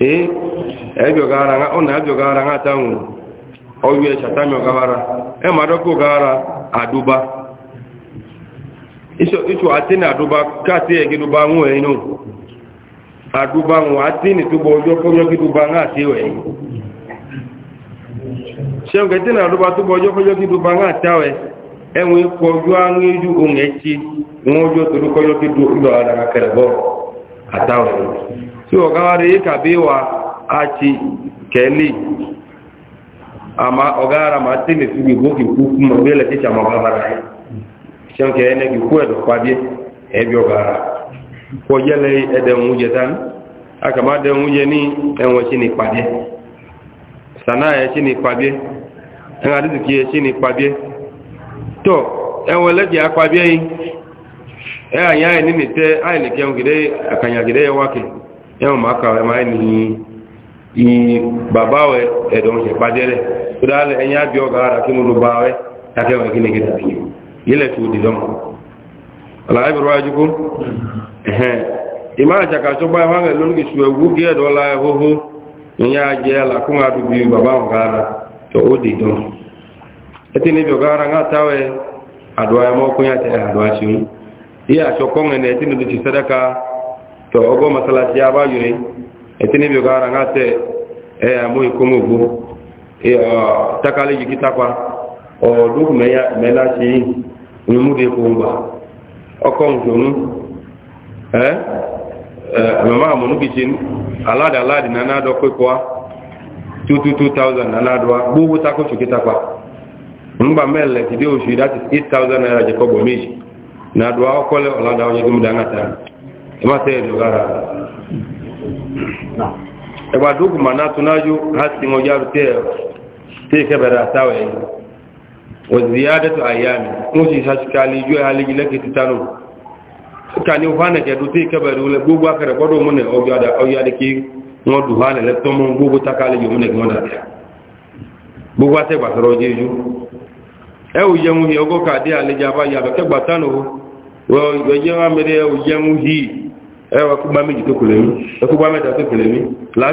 Speaker 1: ee ebiogara nga ona abiogara nga tanwu oyue e madoko ogara aduba iso iso atini aduba kati ege duba nwu enu aduba nwu atini tubo ojo kojo ki nga ati se nge tini aduba tubo ojo kojo ki e enwe kojo anwu eju onwe chi nwojo atawe tí wọ́n ká wá rí kàbí wa a ti kẹ́lì àmà ọ̀gá ara máa tẹ́lẹ̀ fi gbogbo kì kú kú mọ̀ gbélẹ̀ tí sàmọ̀ bá bára rẹ̀ ṣẹ́n kẹ́ ẹni kì kú ẹ̀dọ̀ pàdé ẹbí ọ̀gá ara kọ yẹlẹ̀ ẹ̀dẹ̀hún jẹ tán akàmá dẹ̀hún jẹ ní ẹ̀wọ̀n sí ni pàdé sànáà ẹ̀ sí ni pàdé ẹ̀hún adídìkì ẹ̀ sí ni pàdé tọ́ ẹ̀wọ̀n lẹ́jẹ̀ apàdé yìí ẹ̀ àyà ẹ̀ nínú tẹ́ àìlèkẹ́ ẹ̀wọ̀n máa kàwẹ́ máa ní ìyí bàbá wẹ ẹ̀dọ̀n ṣe pàjẹ́rẹ̀ tó dáálẹ̀ ẹ̀yìn àbí ọgá ara kí mo ló bá wẹ́ takẹ́wọ̀n kí ní kí tàbí yílẹ̀ tó di lọ́mọ ọ̀làwẹ́ bẹ̀rẹ̀ wájú kó ìmá àjàkà tó bá wọn lónìí kì ẹ̀wú ẹ̀dọ̀ la ẹ̀hóhó bàbá ara to ogo masalasi aba yuni etini bi gara ngate e eh, amu ikumu bu e eh, o takale ji kitakwa o du me ya me la si ni mu de ko ngba o ko ngunu eh eh mama amu nu bijin alada aladi nana do ko kwa 22000 nana do bubu tako chukitakwa ngba mele kidi oshi that is 8000 naira je ko bo meji na do akole olada onye gumda ngata ìmọ̀tẹ́ ìdọ̀gára ẹgbàdókù ma náà túnájú láti wọn yá rúté ẹ̀ tí ìkẹbẹ̀rẹ̀ àtàwẹ̀ yìí wọ́n a yá dẹ́tọ̀ àyàmì wọ́n sì ṣàṣìkà àlejò àlejò lẹ́kẹ̀ẹ́ títánù ka ní ọ̀hánẹ̀kẹ̀dù tí ìkẹbẹ̀rẹ̀ gbogbo akẹrẹ gbọ́dọ̀ múnẹ̀ ọjọ́ adékí wọn dù hánẹ̀ gbogbo tákà àlejò múnẹ̀ wọn dàbí gbogbo atẹ́gbàsọ̀rọ̀ ọjọ́ ìjú ẹ ẹwà kúgbà méjì tó kùlẹ̀ mí ẹkúgbà mẹ́ta tó kùlẹ̀ mí a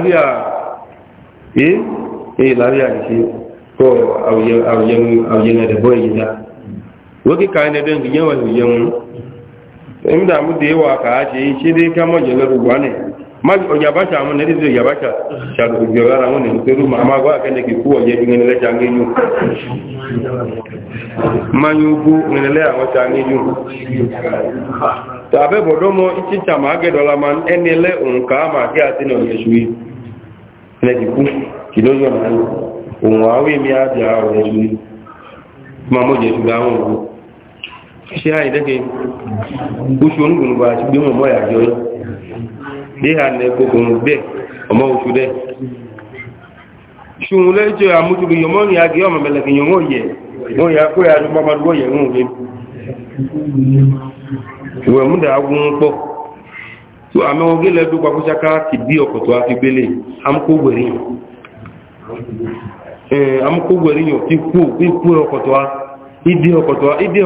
Speaker 1: yìí èyí láàríà yìí kọ́ àwòyẹnu ẹ̀dẹ̀bọ́ èyí dá lókè ká ẹni ẹ̀dẹ́n kìí yẹwà ìyẹun ẹ̀mdà múdé wà kàá ṣe ṣe dé ká mọ̀ jẹ́lẹ̀ gbogbo ànẹ̀ àwọn ṣàdùgbò wọn màá máa kú ọ̀yẹ́ bí ẹni lẹ́jà ń gẹ́yìn máa yóò ẹni tàbí bọ̀dọ́ mọ́ ma máa gẹ́dọ̀lá ma ẹni lẹ́ òǹkà máa kí àti nà yẹ̀ṣù yìí lẹ́dìkú kì ló yọ̀ náà òun àwọ̀ èmi àti ma mọ́ yẹ̀ṣù láwọn òun ṣùgbọ́n lẹ́jọ́ yọmọ́ ọmọ mẹ́lẹ̀kì yọmọ́ yẹ̀ wọ́n yà kó yà ìwẹ̀ mú dàá gún pọ̀ tó àmẹ́wọ́n gílẹ̀ dúpọ̀ kúṣaká ti bí ọkọ̀ tó a fi gbélé amúkógbèríyàn amúkógbèríyàn ti kú ikú ọkọ̀ tó a ìdí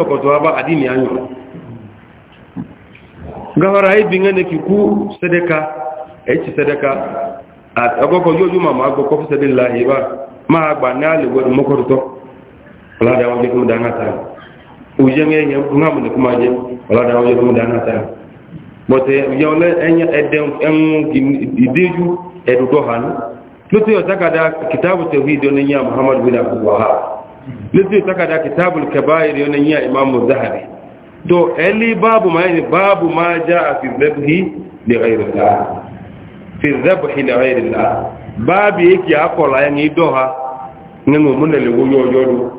Speaker 1: ọkọ̀ tó a bá àdínì ayọ̀ gawara ibi ngane ki ku sedeka echi sedeka akọ́kọ́ yóò yóò máa gbọ́ kọfí sẹ́dẹ̀ láàyè bá máa gbà náà lè wọ́n ujɛŋɛ yɛ ŋa mu ne kuma jɛ wala da ɔyɛ mu dana ta bɔtɛ ujɛŋ lɛ ɛnyɛ ɛdɛn ɛŋu ideju ɛdudɔ han lɛtɛ yɔ takada kitabu tawhid yɔ ne nyɛ muhammadu bin abdul wahab lɛtɛ yɔ takada kitabu kabair yɔ ne nyɛ imamu zahari to ɛli babu ma yɛ babu ma ja a fi zabhi li ghayri la fi zabhi li ghayri la baabi yake akɔla yɛ ŋa idɔ ha ŋa ŋa mun ne le wo yɔ do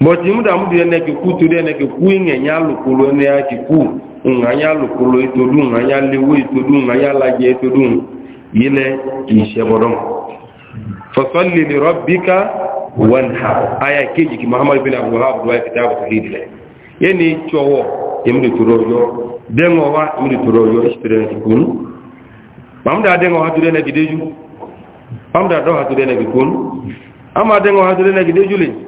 Speaker 1: bọ̀tí mú dàmú di ẹnẹ́kì kú torí ẹnẹ́kì kú ìyẹn nyá lòkòlò ẹni àti kú ǹgá nyá lòkòlò ètòdú ǹgá nyá léwó ètòdú ǹgá nyá lajẹ ètòdú yìí lẹ kìí ṣe wọn ha aya kejì kí muhammadu bin abu ha abdullahi fi dáàbò sahid lẹ yé ni emi èmi tòrò wa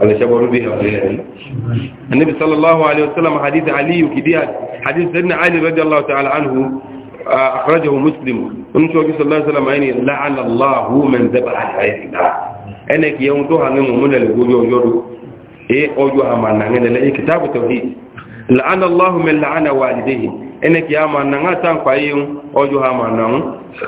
Speaker 1: alishabaru biha annabi sallallahu alaihi wasallam hadith ali kidia hadith sayyidina ali radiyallahu ta'ala anhu uh, akhrajahu muslim unto bi sallallahu alaihi wasallam ayni la'ana allah man zabaha al-hayda ana ki yawm to hanin mun le gojo yodo e ojo amana ngene le e, kitabu tawhid la'ana allah man la'ana walidayhi eneki ama na ngata kwayin ojo ha ma nan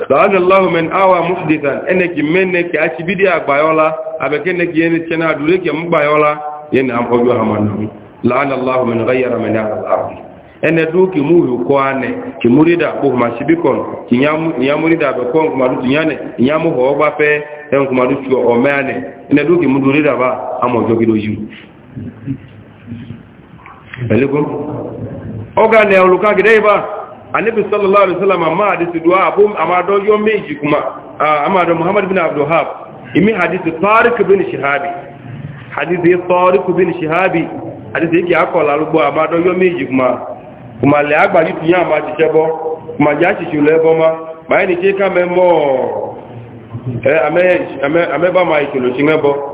Speaker 1: la'anna allah min awa muhdithan eneki menne ki achi bidi agbayola abeke neki yene chena dure ki mbayola yene am ojo ha ma nan la'anna allah min ghayyara min al-ard ene du ki mu ko ane ki murida bu ma sibikon ki nyamu nyamurida be kon kuma du nyane nyamu ho ba fe en kuma du chuo o meane ene du ki mudurida ba amojo kidoji Alaikum ọgá ní ọlùká gẹ̀dẹ́ ibá anẹ́bí sallallahu alaihi wasallam àmà àdìsí duwa àbú àmàdọ́ yọ kuma àmàdọ́ ah, muhammad bin abdullahab imi hadisi tariq bin shihabi hadisi tariq bin shihabi hadisi kuma kuma lẹ́ agbàjú ti yán kuma já ṣiṣẹ́ lẹ́bọ́ ma báyìí ni ṣe ká mẹ́mọ́ amẹ́bàmà ìṣèlò ṣe mẹ́bọ́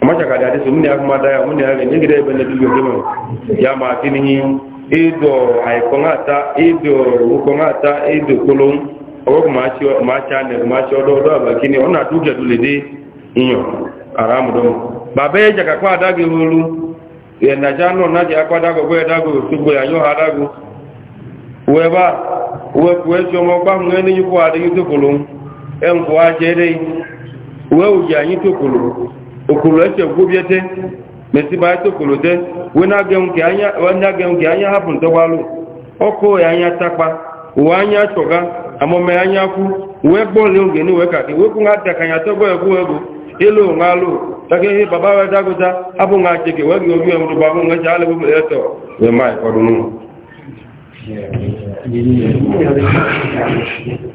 Speaker 1: a àdísù múnẹ̀ agbádáyà múnẹ̀ rẹ̀ nígbẹ̀rẹ̀ ẹgbẹ̀ lẹ́bí ya máa fi ní èdò àìkọ́ngàta èdò òkọ́ngàta èdò kólóhún ọwọ́kù máa ṣá nẹ̀rù máa ṣe ọdọ́ọdọ́ àbàkí ni ya na lè na iyàn àràmùdọ́mù bàbá ẹ̀jẹ̀ kàkọ́ àdágé ooru ẹ̀nàjá náà náà jẹ́ akọ́dágó gbé ẹ̀dágó òṣùgbò àyọ́ àdágó wẹ́bà wẹ́kù ẹ̀ṣọ́ ọmọ wee uji anyị tokolo okolo eche gwubiete mesiba anyị tokolote wee na age nke anya hapun ntọgbalụ ọkụ ya anya takpa uwe anya chọga amụme anya kwu wee gbọlie oge ni wee kake wee kwụnwa aka ka ego ịlụ alụ taka baba wee dagụta abụ nwa wee gị obi enwere gbagbo nwe ji n'ụlọ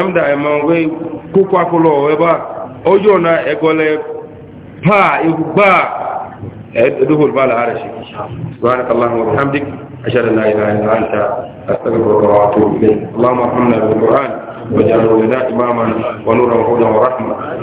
Speaker 1: ẹ̀mdà ẹ̀mọ̀ wé kókó akọlọ ẹ̀bá ojú ọ̀nà ẹ̀gọ́lẹ̀ pa ìgbà ẹ̀dọ́gbọ̀n bá láàrẹ̀ ṣe سبحانك اللهم وبحمدك أشهد أن لا إله إلا أنت أستغفرك وأتوب إليك اللهم ارحمنا بالقرآن واجعله لنا
Speaker 2: إماما ونورا وهدى ورحمة